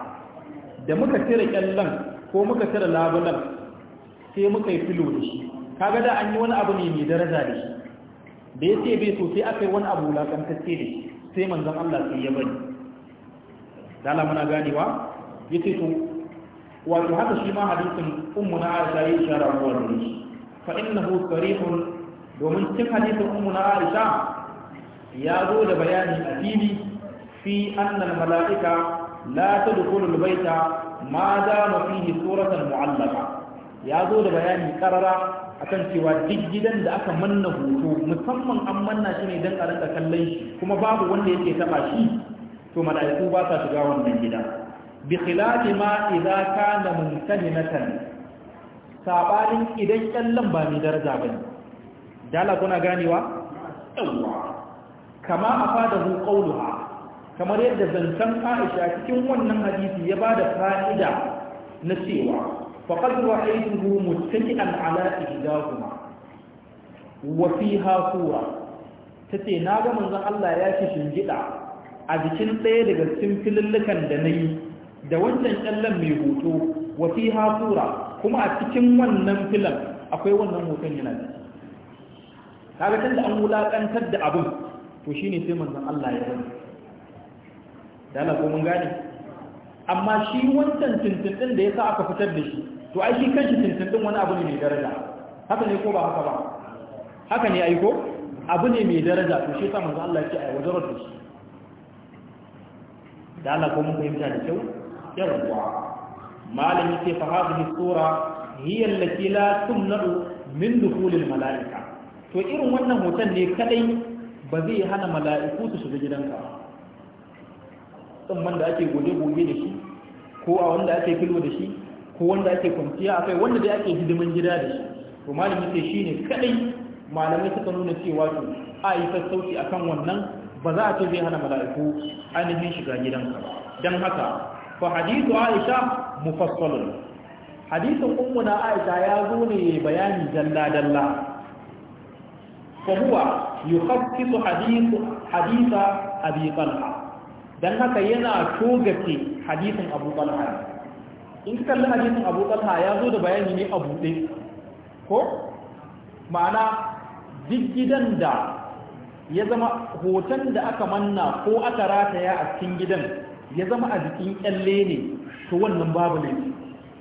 da muka tare kyallan ko muka tare labulan sai muka yi filo da shi kaga da an yi wani abu ne mai daraja da shi da ya ce bai so sai aka wani abu mulakantacce da shi sai manzon Allah sai ya bari dala muna ganewa ya ce to wato haka shi ma hadisin ummu na aisha yi shara zuwa da shi fa innahu sarihun domin cin hadisin ummu na aisha ya zo da bayani a fili fi annal mala'ika la tadkhulu albayta ma dama fihi suratan mu'allaqa ya zo da bayani karara akan cewa duk gidan da aka manna hoto musamman an manna shi ne don a rinka kallon shi kuma babu wanda yake taba shi to mala'iku ba sa shiga wannan gida bi khilafi ma idza na mumtahinatan sabanin idan kyallan ba mai daraja bane dala kuna ganewa Yawwa, kama afadahu qawluha kamar yadda zancan Aisha cikin wannan hadisi ya da fa'ida na cewa faqad ra'aytuhu muttaki'an kuma. Wafi Hakuwa. fiha sura tace naga manzon Allah ya ci shingida a jikin ɗaya daga cikin filillukan da nayi da wannan kyallen mai hoto wa fi sura kuma a cikin wannan filan akwai wannan hoton yana da kaga da an wulakantar da abin to ne sai manzan Allah ya bani da Allah ko mun gane amma shi wancan tuntuntun da ya sa aka fitar da shi to ai shi kanshi tuntuntun wani abu ne mai daraja haka ne ko ba haka ba haka ne ai ko abu ne mai daraja to shi yasa manzon Allah ya ce ai wajarar da shi da Allah ko mun fahimta da kyau yarwa malam yake fa hadhihi sura hiya allati la tumnadu min al mala'ika to irin wannan hoton ne kadai ba zai hana mala'iku su shiga gidanka tsamman da ake goge gobe da shi ko a wanda ake filo da shi ko wanda ake kwanciya akai wanda dai ake hidiman gida da shi to malami sai shi ne kadai malamai suka nuna cewa to a yi sassauci akan wannan ba za a ce zai hana mala'iku ainihin shiga gidanka ba haka fa aisha mufassalun hadithin ummuna aisha ya zo ne bayani dalla dalla fa huwa yukhassisu hadithu haditha abi dan haka yana togace hadithin abu in kalli hadisin abu ya zo da bayani ne a buɗe ko ma'ana duk gidan da ya zama hoton da aka manna ko aka rataya a cikin gidan ya zama a jikin kyalle ne to wannan babu ne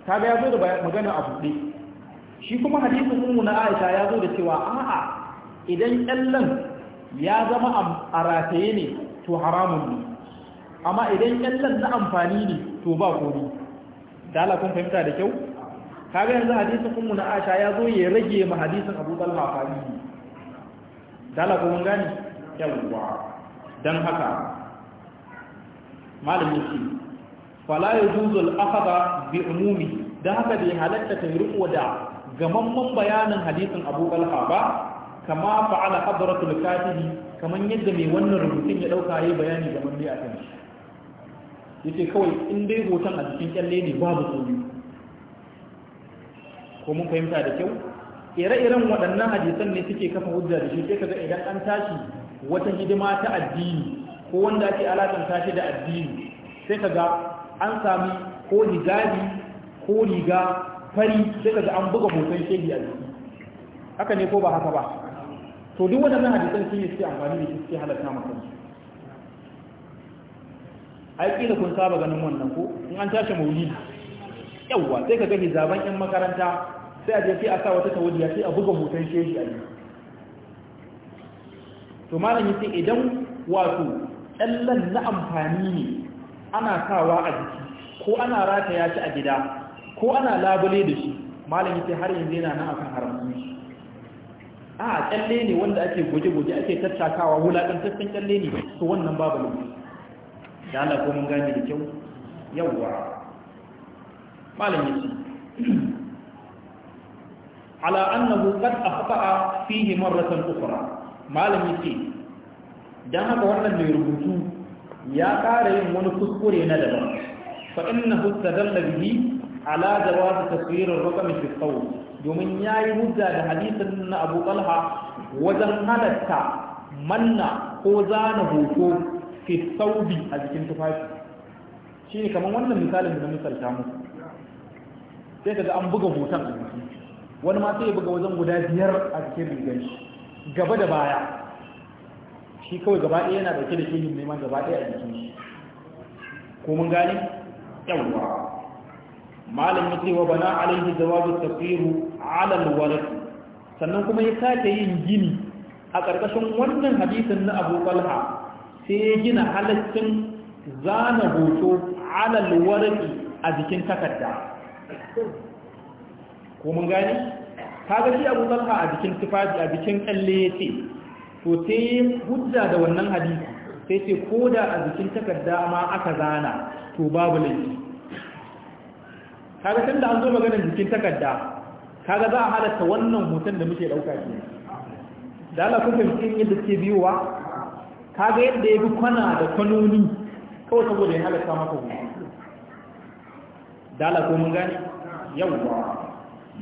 ga ya zo da magana a buɗe shi kuma hadisin ummu na aisha ya zo da cewa a'a idan kyallen ya zama a rataye ne to haramun ne amma idan kyallen na amfani ne to ba komi da ala kun fahimta da kyau ga yanzu hadisin ummu na aisha ya zo ya rage ma hadisin abu talha fari da ala kun gani yawwa dan haka malamin shi fala ya zuzul akaba bi umumi don haka bai halatta ta riko da gamamman bayanin hadisin abu talha ba kama fa'ala hadratul katibi kaman yadda mai wannan rubutun ya dauka yayi bayani ga manni a kan shi yace kawai in dai hoton a cikin ƙyalle ne babu tsoro ko mun fahimta da kyau ire-iren waɗannan hadisan ne suke kafa hujja da shi sai ga idan an tashi wata hidima ta addini ko wanda ake alakanta shi da addini sai ka ga an sami ko hijabi ko riga fari sai ka ga an buga hoton shehi a jiki haka ne ko ba haka ba to duk waɗannan hadisan shi ne suke amfani da shi suke halatta maka ai kila kun saba ganin wannan ko in an tashi maulidi yawwa sai ka ga hijaban yan makaranta sai a je sai a sa wata tawajiya sai a buga hoton shehi a jiki to malamin sai idan wato ƙyallen na amfani ne ana kawa a jiki ko ana ya ci a gida ko ana labule da shi malam yake har yanzu yana nan akan haramun shi a kyalle ne wanda ake goje-goje ake tattakawa wulaƙantattun kyalle ne to wannan babu ne da ana komin gani gane da kyau yawwa malam yace <clears throat> ala annahu qad akhta'a fihi marratan ukhra malam yake don haka wannan mai rubutu ya ƙara yin wani kuskure na daban fa inna hutta dalla bihi ala jawaz taswir ar-raqam fi qawl domin yayi hujja da hadisin na Abu Talha wajen halatta manna ko zana hoto fi saubi a jikin tufafi shine kamar wannan misalin da na ta muku sai kaga an buga hoton a wani ma sai ya buga wajen guda biyar a cikin rigar gaba da baya shi kawai gaba ɗaya yana dauke da shehin neman gaba ɗaya a jikin shi ko mun gane yawwa malam ce wa bana alaihi jawabu tafiru ala alwarq sannan kuma ya sake yin gini a ƙarƙashin wannan hadisin na Abu Talha sai ya gina halaccin zana hoto ala alwarq a jikin takarda ko mun gane kaga shi Abu Talha a jikin tufafi a jikin kalle yace to sai hujja da wannan hadisi sai ce ko da a jikin takarda ma aka zana to babu laifi kaga tunda an zo maganar jikin takarda kaga za a halatta wannan hoton da muke dauka ke da ala kuka fahimci yadda suke biyowa kaga yadda ya bi kwana da kwanoni kawai saboda ya halatta maka hoton da ala ko mun yau yawwa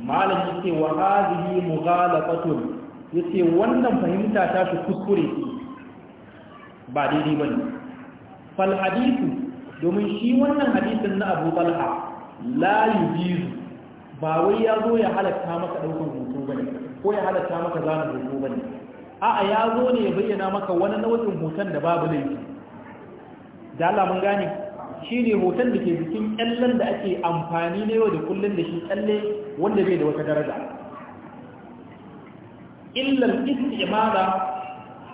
malam yake wa hadhihi mughalaqatun ya ce wannan fahimta ta shi kuskure ba daidai ba ne fal hadisu domin shi wannan hadisin na abu talha la biyu, ba wai ya zo ya halatta maka ɗaukar hoto ba ne ko ya halatta maka zana hoto ba ne a'a ya zo ne ya bayyana maka wani nau'in hoton da babu laifi da Allah mun gane shi ne hoton da ke bikin kyallen da ake amfani na yau da kullum da shi kyalle wanda bai da wata daraja illar istimada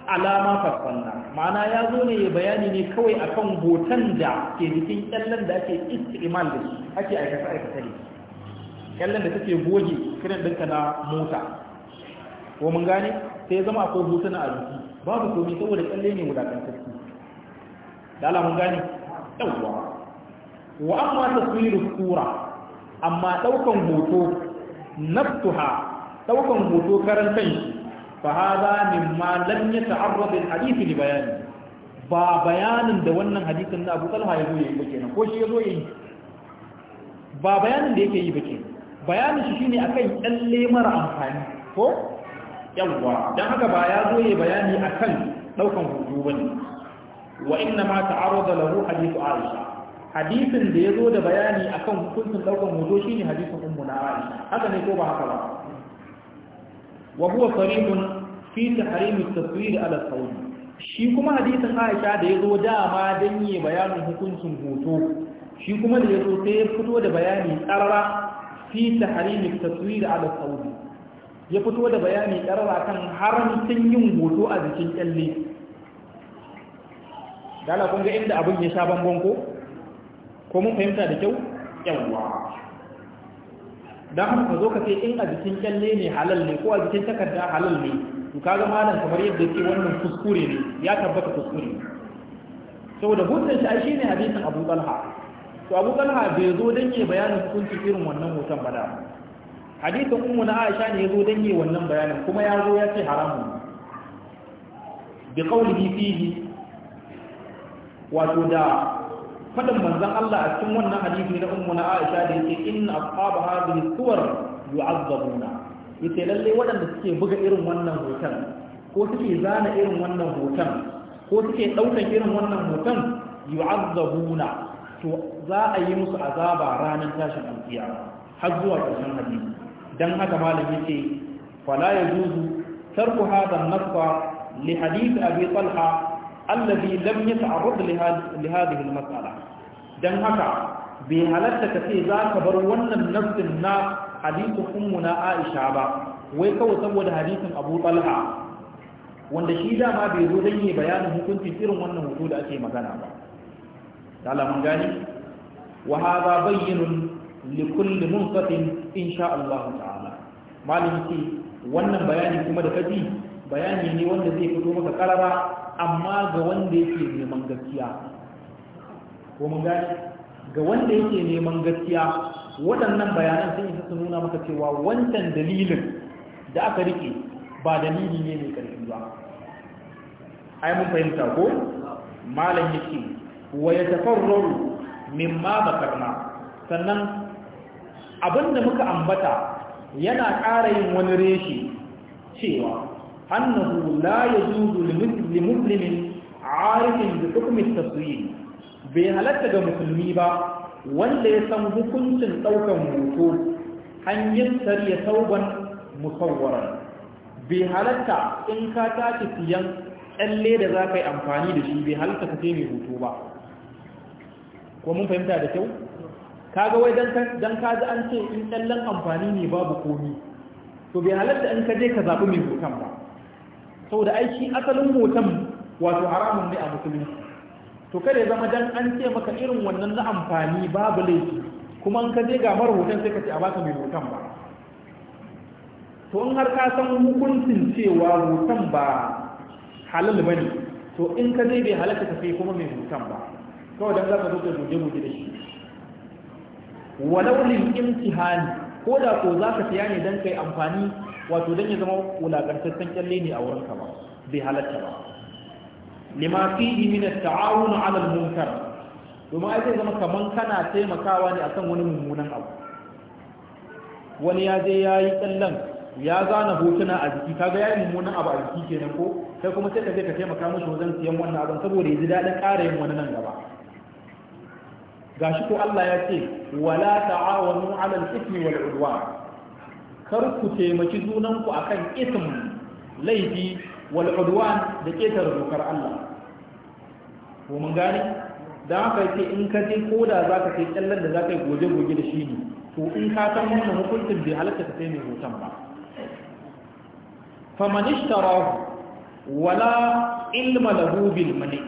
alama fasfalla ma'ana ya zo ne ya bayani ne kawai akan hoton da ke jikin kyallon da ake istimal da shi ake aikata aikata ne kyallon da take goge kiran ɗinka na mota ko mun gane sai zama akwai hotuna a jiki babu komai saboda kyalle ne wulakantarki da ala mun gane yawwa wa amma taswiru sura amma ɗaukan hoto naftuha daukan hoto karan kanshi fa hada mimma lam yata'arrad al-hadith li bayani ba bayanin da wannan hadisin na Abu Talha yazo yayi ba kenan ko shi yazo yayi ba bayanin da yake yi ba bayanin shi shine akan tsalle mara amfani ko yawwa dan haka ba ya zo yayi bayani akan daukan hoto bane wa inna ma ta'arrada lahu hadith Aisha hadisin da ya zo da bayani akan hukuncin daukan hoto shine hadisin ummu na Aisha haka ne ko ba haka ba وهو huwa في تحريم التصوير على الصوت shi kuma hadisin Aisha da yazo dama dan yi bayanin hukuncin hoto shi kuma da yazo sai ya fito da bayani tsarara fi tahrim at-taswir ala sawt ya fito da bayani tsarara kan haramcin yin hoto a jikin kalle dala kun ga inda abin ya sha bangon ko ko mun fahimta da kyau yawwa don haka ka zo ka ce in a jikin kyalle ne halal ne ko a jikin takarda halal ne to ka ga malam kamar yadda ke wannan kuskure ne ya tabbata kuskure saboda hujjar shi shine hadisin Abu Talha to Abu Talha bai zo dan yi bayanin hukunci irin wannan hoton ba da hadisin ummu na Aisha ne ya zo dan yi wannan bayanin kuma yazo zo ya ce haramun bi qawlihi fihi wato da faɗin manzon Allah a cikin wannan hadisi na ummu na Aisha da yake inna ashab hadhihi suwar yu'azzabuna yace lalle waɗanda suke buga irin wannan hoton ko suke zana irin wannan hoton ko suke ɗaukar irin wannan hoton yu'azzabuna to za a yi musu azaba ranar tashin alkiyama har zuwa ƙarshen hadisi dan haka malam yace fala yajuzu tarku hadha an-nasba li hadith abi talha الذي لم يتعرض لهذه المسألة don haka bai halatta ka ce za ka bar wannan nafsin na hadisin ummu na aisha ba wai kawai saboda hadisin abu talha wanda shi dama bai zo don yi bayanin hukuncin irin wannan hoto da ake magana ba talamun gani wa haza bayyinun likulli munsatin insha Allah ta'ala malin ce wannan bayani kuma da kaji bayani ne wanda zai fito maka karara amma ga wanda yake neman gaskiya ko mun gashi, ga wanda yake neman gaskiya waɗannan bayanan sun isa su nuna maka cewa wancan dalilin da aka rike ba dalili ne mai ƙarfi ba ai mun fahimta ko malam yake wa ya tafarraru mimma bakarna sannan abinda muka ambata yana ƙara yin wani reshe cewa annahu la yajuzu li muslimin arifin bi hukmi bai halatta ga musulmi ba wanda ya san hukuncin ɗaukan hoto hanyar yin sariya tauban musawwaran bai halatta in ka tashi siyan tsalle da za ka yi amfani da shi bai halatta ka mai hoto ba ko mun fahimta da kyau Ka ga wai don ka ji an ce in tsallen amfani ne babu komi to bai halatta in ka je ka zaɓi mai hoton ba sau da aiki asalin hoton wato haramun ne a musulunci to kada ya zama dan an ce maka irin wannan na amfani babu laifi kuma in ka je ga marubutan sai ka ce a baka mai hoton ba to in har ka san hukuncin cewa hoton ba halal ba ne to in ka je bai halatta ka sai kuma mai hoton ba kawai dan za ka zo ka goge-goge da shi walau lil imtihani ko da ko za ka siya ne dan kai amfani wato dan ya zama wulakantaccen kyalle ne a wurinka ba bai halatta ba lima fihi min at-ta'awun 'ala al-munkar domin ai zama kaman kana taimakawa ne akan wani mummunan abu wani ya je ya yi tsallan ya zana hotuna a jiki kaga ya yi mummunan abu a jiki kenan ko sai kuma sai ka je ka taimaka mishi wajen siyan wannan abin saboda ya ji daɗin ƙara yin wani nan gaba gashi ko Allah ya ce wala ta'awanu 'ala al-ithmi wal 'udwan kar ku taimaki junanku akan ism laifi wal 'udwan da ƙetare dokar Allah ko mun gane da haka yake in ka je ko da za ka kai da za ka yi goge-goge da shi ne to in ka san wannan hukuncin bai halatta ka sai mai hoton ba faman ishtarahu wala ilma lahu bil mani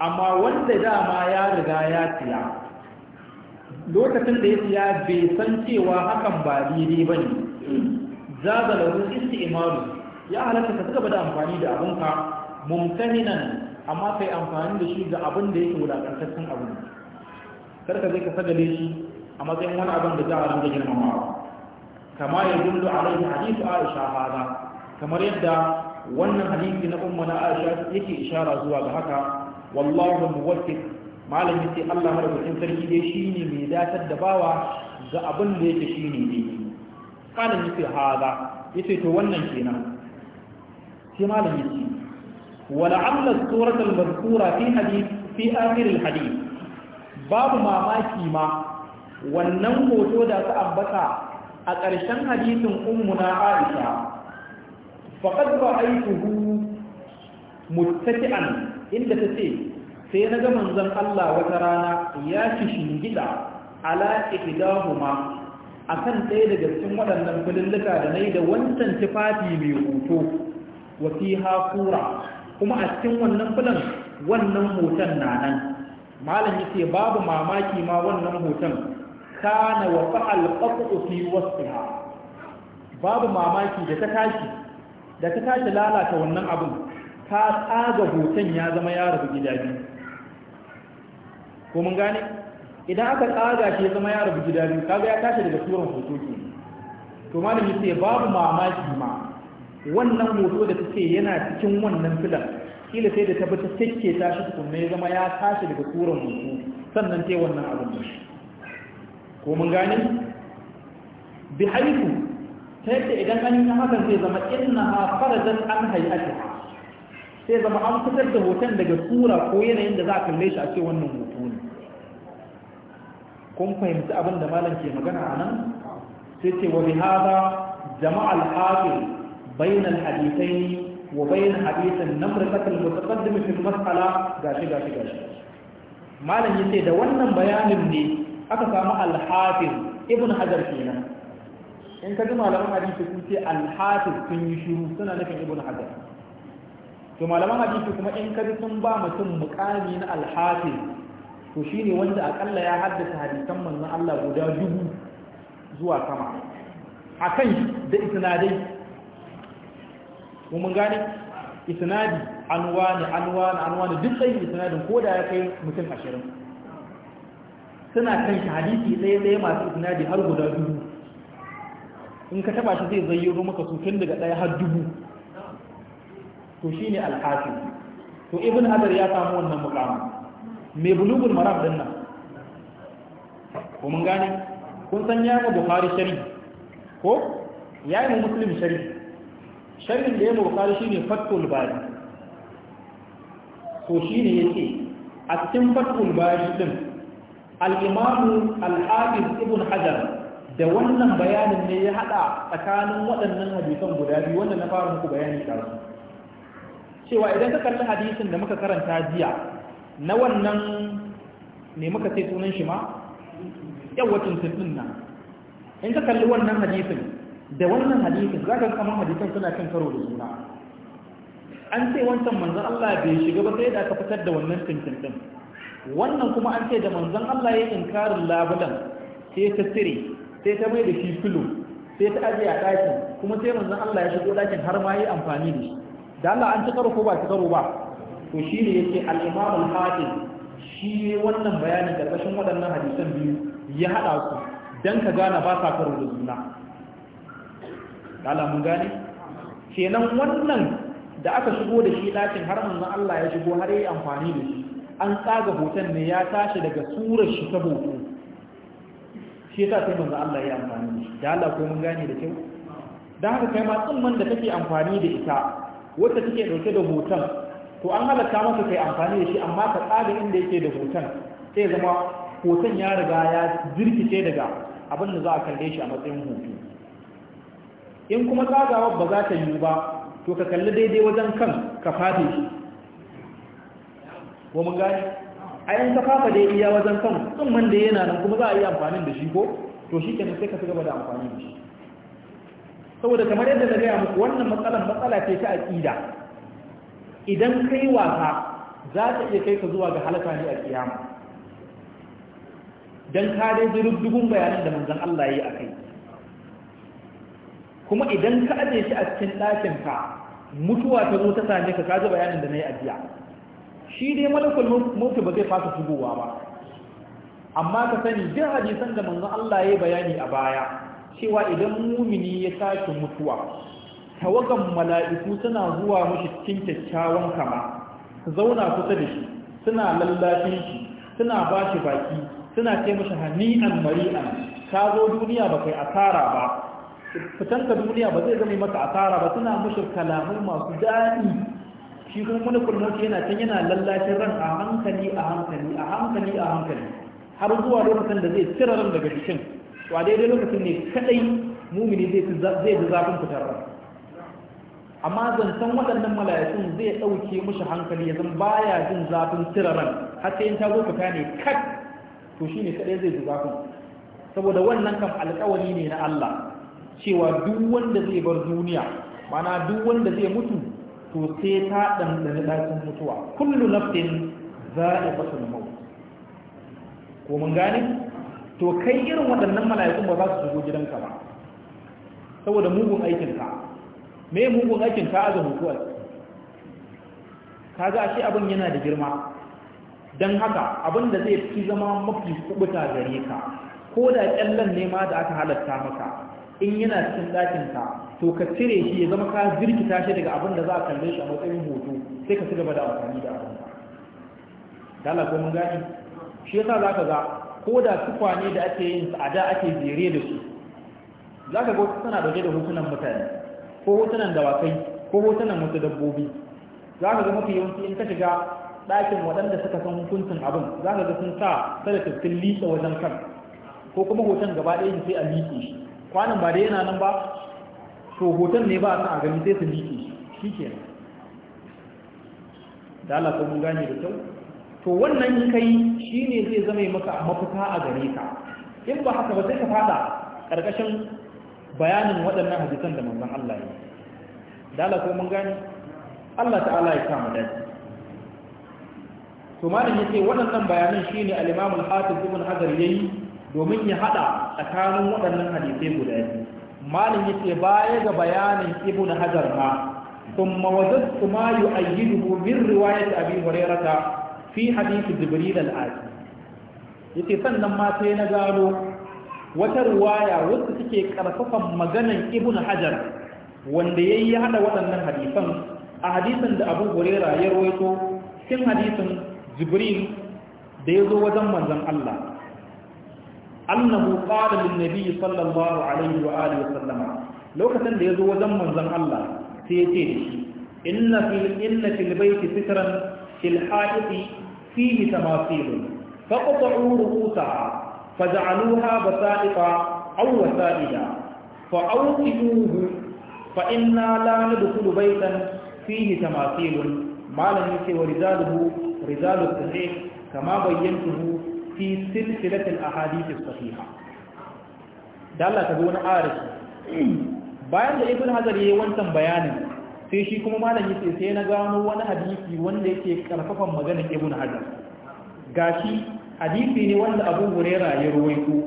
amma wanda dama ya riga ya tiya lokacin da ya tiya bai san cewa hakan ba daidai bane zaga lahu istimalu ya halatta ka gaba da amfani da abinka mumtaninan amma kai amfani da shi ga abin da yake wulakantaccen abu ne kar ka zai ka sagale shi a matsayin wani abin da za a rinka girmamawa kama ya dullu alaihi hadithu aisha hada kamar yadda wannan hadisi na umma na aisha yake ishara zuwa ga haka wallahu muwaffiq malam sai Allah madaukakin sarki dai shine mai datar da bawa ga abin da yake shine ne kana nufi hada yace to wannan kenan sai malam ولعل السورة المذكورة في حديث في آخر الحديث babu mamaki ma wannan hoto da ta ambata a ƙarshen hadisin na Aisha faqad ra'aytuhu muttati'an inda tace sai na manzon Allah wata rana ya ci shingida ala ihdahuma akan ɗaya daga cikin waɗannan bululluka da nayi da wancan tufafi mai hoto wa fiha qura kuma a cikin wannan fulan wannan hoton na nan malam yace babu mamaki ma wannan hoton kana wa fa'al qat'u fi wasfiha babu mamaki da ta tashi da ta tashi lalata wannan abun ta tsaga hoton ya zama ya rubu gida biyu ko mun gane idan aka tsaga shi ya zama ya rubu gida biyu kaga ya tashi daga suran hoto ke to malam yace babu mamaki ma wannan hoto da take yana cikin wannan filan kila sai da tabbata take ta shi tukunna ya zama ya tashi daga turan hoto sannan sai wannan abin da shi ko mun gane bi haiku ta yadda idan an yi hakan zai zama inna ha farajan an hayati sai zama an fitar da hoton daga tura ko yanayin da za a kalle shi a ce wannan hoto ne kun fahimci abin da malam ke magana a nan sai ce wa bi hada jama'al hafiz بين الحديثين وبين حديث النمرة المتقدم في المسألة غاشي غاشي غاشي ما لن يتي ده wannan bayanin ne aka samu al-Hafiz Ibn Hajar kenan in ka ji malaman hadisi sun ce al sun yi shiru suna nufin Ibn Hajar to malaman hadisi kuma in ka ji sun ba mutum mukami na al-Hafiz to shine wanda akalla ya haddasa hadisan manzon Allah guda dubu zuwa sama akan da isnadai ko mun gane isnadi anwani anwani anwani duk sai isnadin ko da ya kai mutum ashirin. suna kan shi hadisi ɗaya ɗaya masu isnadi har guda dubu in ka taba shi zai zayyaro maka su tun daga ɗaya har dubu to shine alhafiz to ibn hadar ya samu wannan mukamin mai bulugul maram din nan ko mun gane kun san ya Buhari bukhari shari ko ya yi muslim shari sharhin da ya mawukari shi ne fatkul bari ko shi ne ya ce a cikin fatkul bari ɗin al'imamu al'adis ibn hajar da wannan bayanin ne ya haɗa tsakanin waɗannan hadisan guda biyu wanda na fara muku bayani da su cewa idan ka kalli hadisin da muka karanta jiya na wannan ne muka ce sunan shi ma yawacin sirrin nan in ka kalli wannan hadisin da wannan hadisin za ka kama hadisan suna kan karo da juna an ce wancan manzan Allah bai shiga ba sai da aka fitar da wannan tintintin wannan kuma an ce da manzan Allah ya inkarin labulan sai ta tsire sai ta mai da shi filo sai ta ajiye a ɗakin kuma sai manzan Allah ya shigo ɗakin har ma yi amfani da shi da Allah an ci karo ko ba ci karo ba to shi ne yake al-imam al-hakim shi wannan bayanin karkashin waɗannan hadisan biyu ya haɗa su dan ka gana ba sa karo da juna lala mun gane kenan wannan da aka shigo da shi ɗakin har manzon Allah ya shigo har yayi amfani da shi an tsaga hoton ne ya tashi daga surar shi ta hoto shi yasa sai manzon Allah ya amfani da shi da Allah ko mun gane da kyau dan haka kai ma tsimman da kake amfani da ita wacce take dauke da hoton to an halatta maka kai amfani da shi amma ka tsaga inda yake da hoton sai zama hoton ya riga ya jirkice daga abin da za a kalle shi a matsayin hoto in kuma tsagawa ba za ta yiwu ba to ka kalli daidai wajen kan ka fafe shi ko mun gani a yan kafafa da iya wajen kan sun man da yana nan kuma za a yi amfanin da shi ko to shi kenan sai ka ci gaba da amfani da shi saboda kamar yadda na gaya muku wannan matsalar matsala ce ta aƙida idan kai wasa za ta iya kai ka zuwa ga halaka ne a kiyama don ka dai jirgin bayanan da manzon Allah ya yi a kai kuma idan ka aje shi a cikin ɗakin ka mutuwa ta zo ta same ka kaji bayanin da na yi ajiya shi dai malakul mutu ba zai fasa shigowa ba amma ka sani duk hadisan da manzon Allah ya bayani a baya cewa idan mumini ya tashi mutuwa tawagan mala'iku suna zuwa mashi cikin kyakkyawan kama su zauna kusa da shi suna lallashin shi suna ba shi baki suna ce mashi hani'an mari'an ka zo duniya ba kai asara ba fitanka duniya ba zai zama maka asara ba suna mushir kalamai masu daɗi shi kuma wani yana can yana lallashin ran a hankali a hankali a hankali a hankali har zuwa lokacin da zai cire ran daga jikin to a daidai lokacin ne kadai mumini zai fi zafin fitar ran amma zancen waɗannan mala'ikun zai ɗauke mushi hankali ya zama baya jin zafin cire ran har sai in ta zo fita ne kat to shine kadai zai fi zafin saboda wannan kam alƙawari ne na Allah cewa duk wanda zai bar duniya mana duk wanda zai mutu to sai ta ɗanɗana ɗakin mutuwa kullu nafsin za a fasa da ko mun gane to kai irin waɗannan mala'ikun ba za su shigo gidanka ba saboda mugun aikinka me mugun aikinka a zan mutuwa ka ga ashe abin yana da girma don haka abin da zai fi zama mafi kubuta gare ka ko da ƙyallon nema da aka halatta maka in yana cikin ɗakinka to ka cire shi ya zama ka jirkita shi daga abin da za a kalle shi a matsayin hoto sai ka ci gaba da amfani da abin ka dala ko mun gani shi yasa za ka ga ko da tukwane da ake yin a da ake zere da su za ka ga suna dauke da hotunan mutane ko hotunan dawakai ko hotunan wasu dabbobi za ka ga mafi yawanci in ka shiga ɗakin waɗanda suka san hukuncin abin za ka ga sun sa sadatar sun wajen kan ko kuma hoton gaba ɗaya sai a liƙe shi kwanan ba da yana nan ba to hoton ne ba a san a gani sai su liƙe shi ke da alaƙa mun gane da kyau to wannan kai shi ne zai zama maka mafita a gare ka in ba haka ba sai ka fada ƙarƙashin bayanin waɗannan hadisan da manzon Allah ya da alaƙa mun gane Allah ta'ala ya kama dace to malam yace waɗannan bayanan shine al-Imam al-Hafiz Ibn Hajar yayi domin ya hada tsakanin waɗannan hadisai guda biyu malin yace baya ga bayanin ibn hajar ma thumma wajadtu ma yu'ayyiduhu min riwayat abi hurairata fi hadith jibril al-ati yace sannan ma sai na gano wata riwaya wacce take karfafan maganan ibn hajar wanda yayi hada waɗannan hadisan a hadisin da abu hurairah ya rawaito cikin hadisin jibril da ya zo wajen manzon Allah annahu qala lin nabiy sallallahu alaihi wa alihi wa sallama lokacin da yazo wajen manzon Allah sai ya ce inna fil inna fil bayti sitran fil haiti fihi tamasil faqta'u ru'usaha faj'aluha basa'iqa aw wasa'ida fa'awqiduhu fa inna la nadkhulu baytan fihi tamasil malam yace wa rijaluhu rijalu sahih kama bayyantuhu fi a ahadith sahiha da Allah ta ga wani bayan da ibn hazar yi wancan bayanin sai shi kuma malami yace sai na gano wani hadisi wanda yake karfafan maganar ibn hazar gashi hadisi ne wanda abu huraira ya ruwaito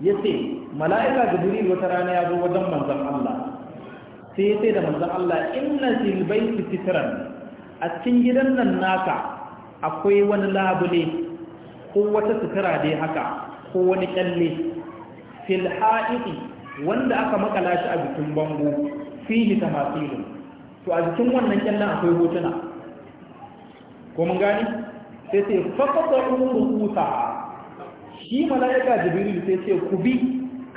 yace mala'ika jibril wata rana ya zo wajen manzon Allah sai yace da manzon Allah inna fil baiti sitran a cikin gidan nan naka akwai wani labule ko wata sutura dai haka ko wani kyalle fil ha'idi wanda aka makala shi a jikin bango fihi tamasilun to a jikin wannan kyallen akwai hotuna ko mun gani sai sai fakata kusa shi mala'ika jibril sai sai ku bi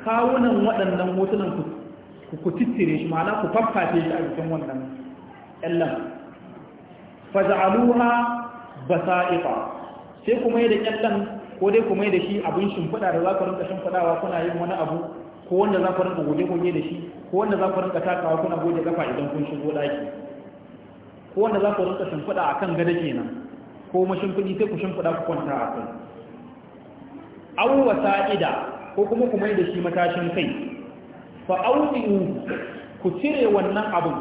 kawunan waɗannan hotunan ku ku tittire shi ma'ana ku fafface shi a jikin wannan kyallen faj'aluha basa'iqa sai kuma yi da kyallan ko dai kuma yi da shi abin shimfiɗa da za ka rinka shimfiɗawa kuna yin wani abu ko wanda za ku rinka goge-goge da shi ko wanda za ku rinka takawa kuna goge kafa idan kun shigo ɗaki ko wanda za ku rinka shimfiɗa a kan gada kenan ko shimfiɗi sai ku shimfiɗa ku kwanta a kai awu sa'ida ko kuma ku mai da shi matashin kai fa auɗi'u ku cire wannan abin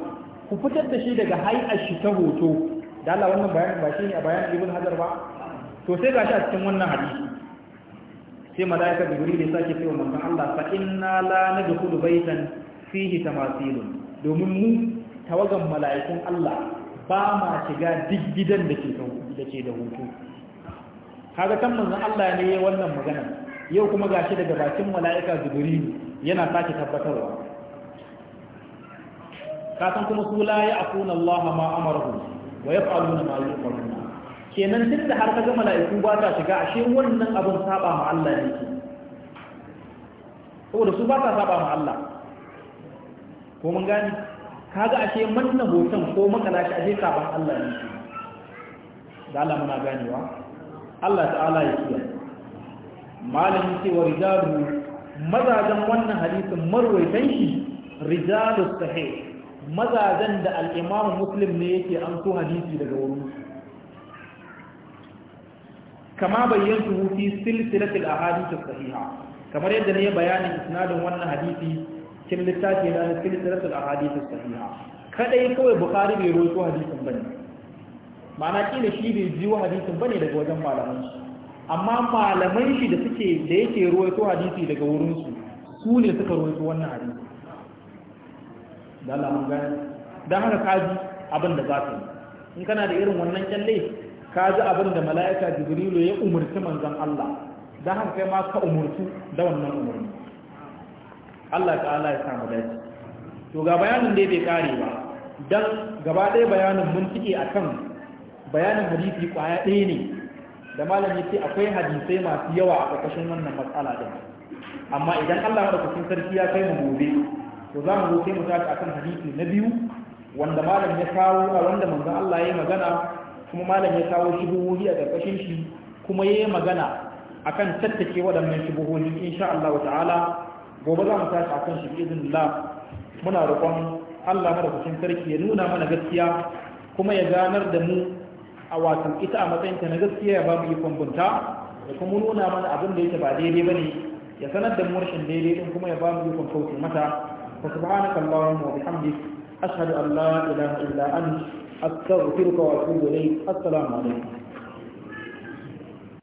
ku fitar da shi daga hai'ar shi ta hoto da Allah wannan bayanin ba shi ne a bayanin ibn Hajar ba to sai gashi a cikin wannan hadisi sai malaika jibril ya sake cewa manzon Allah fa inna la nadkhulu baitan fihi tamasilun domin mu tawagan malaikun Allah ba ma shiga duk gidan da ke da ke da hutu kaga kan manzon Allah ne wannan magana yau kuma gashi daga bakin mala'ika jibril yana sake tabbatarwa kasan kuma su la ya'quna Allah ma amarahu wa yaf'aluna ma yu'maruna kenan tun da har ga mala'iku ba ta shiga ashe wannan abin saba ma Allah ne saboda su ba ta saba ma Allah ko mun gani kaga ashe manna hoton ko makala shi ashe saban Allah ne da Allah muna ganewa Allah ta'ala ya kiyaye malamin cewa rijalu mazajen wannan hadisin marwaitan shi rijalu sahih mazajen da al-Imam Muslim ne yake amso hadisi daga wurin shi kama bayyantu fi silsilatil ahadith as-sahiha kamar yadda ne bayanin isnadin wannan hadisi cikin littafi da silsilatul ahadith as-sahiha kadai kawai bukhari bai rawaito hadisin bane ma'ana kila shi bai ji hadisin bane daga wajen malaman shi amma malaman shi da suke da yake rawaito hadisi daga wurin su su ne suka rawaito wannan hadisi da Allah mun gane dan haka kaji abin da za ka yi in kana da irin wannan kyalle ka ji abin da mala'ika jibrilu ya umarci manzan Allah don haka kai ma ka umarci da wannan umurni Allah ta'ala ya samu daji to ga bayanin da bai kare ba dan gaba ɗaya bayanin mun tike akan bayanin hadisi kwaya ɗaya ne da malami ce akwai hadisai masu yawa a ƙarƙashin wannan matsala din amma idan Allah madaukakin sarki ya kai mu gobe to za mu zo mu tashi akan hadisi na biyu wanda malam ya kawo a wanda manzon Allah ya yi magana kuma malam ya kawo shubuhohi a ƙarƙashin shi kuma ya yi magana akan tattake waɗannan shubuhohi insha Allah wa ta'ala gobe za mu tashi akan shi izin Allah muna roƙon Allah madaukakin sarki ya nuna mana gaskiya kuma ya ganar da mu a wasan ita a matsayinta na gaskiya ya ba mu ikon bunta da kuma nuna mana abin da yake ba daidai ne ya sanar da mu rashin daidai din kuma ya ba mu ikon kauce mata wa subhanaka allahumma wa bihamdik ashhadu an la ilaha illa anta astaghfiruka wa atubu ilayk assalamu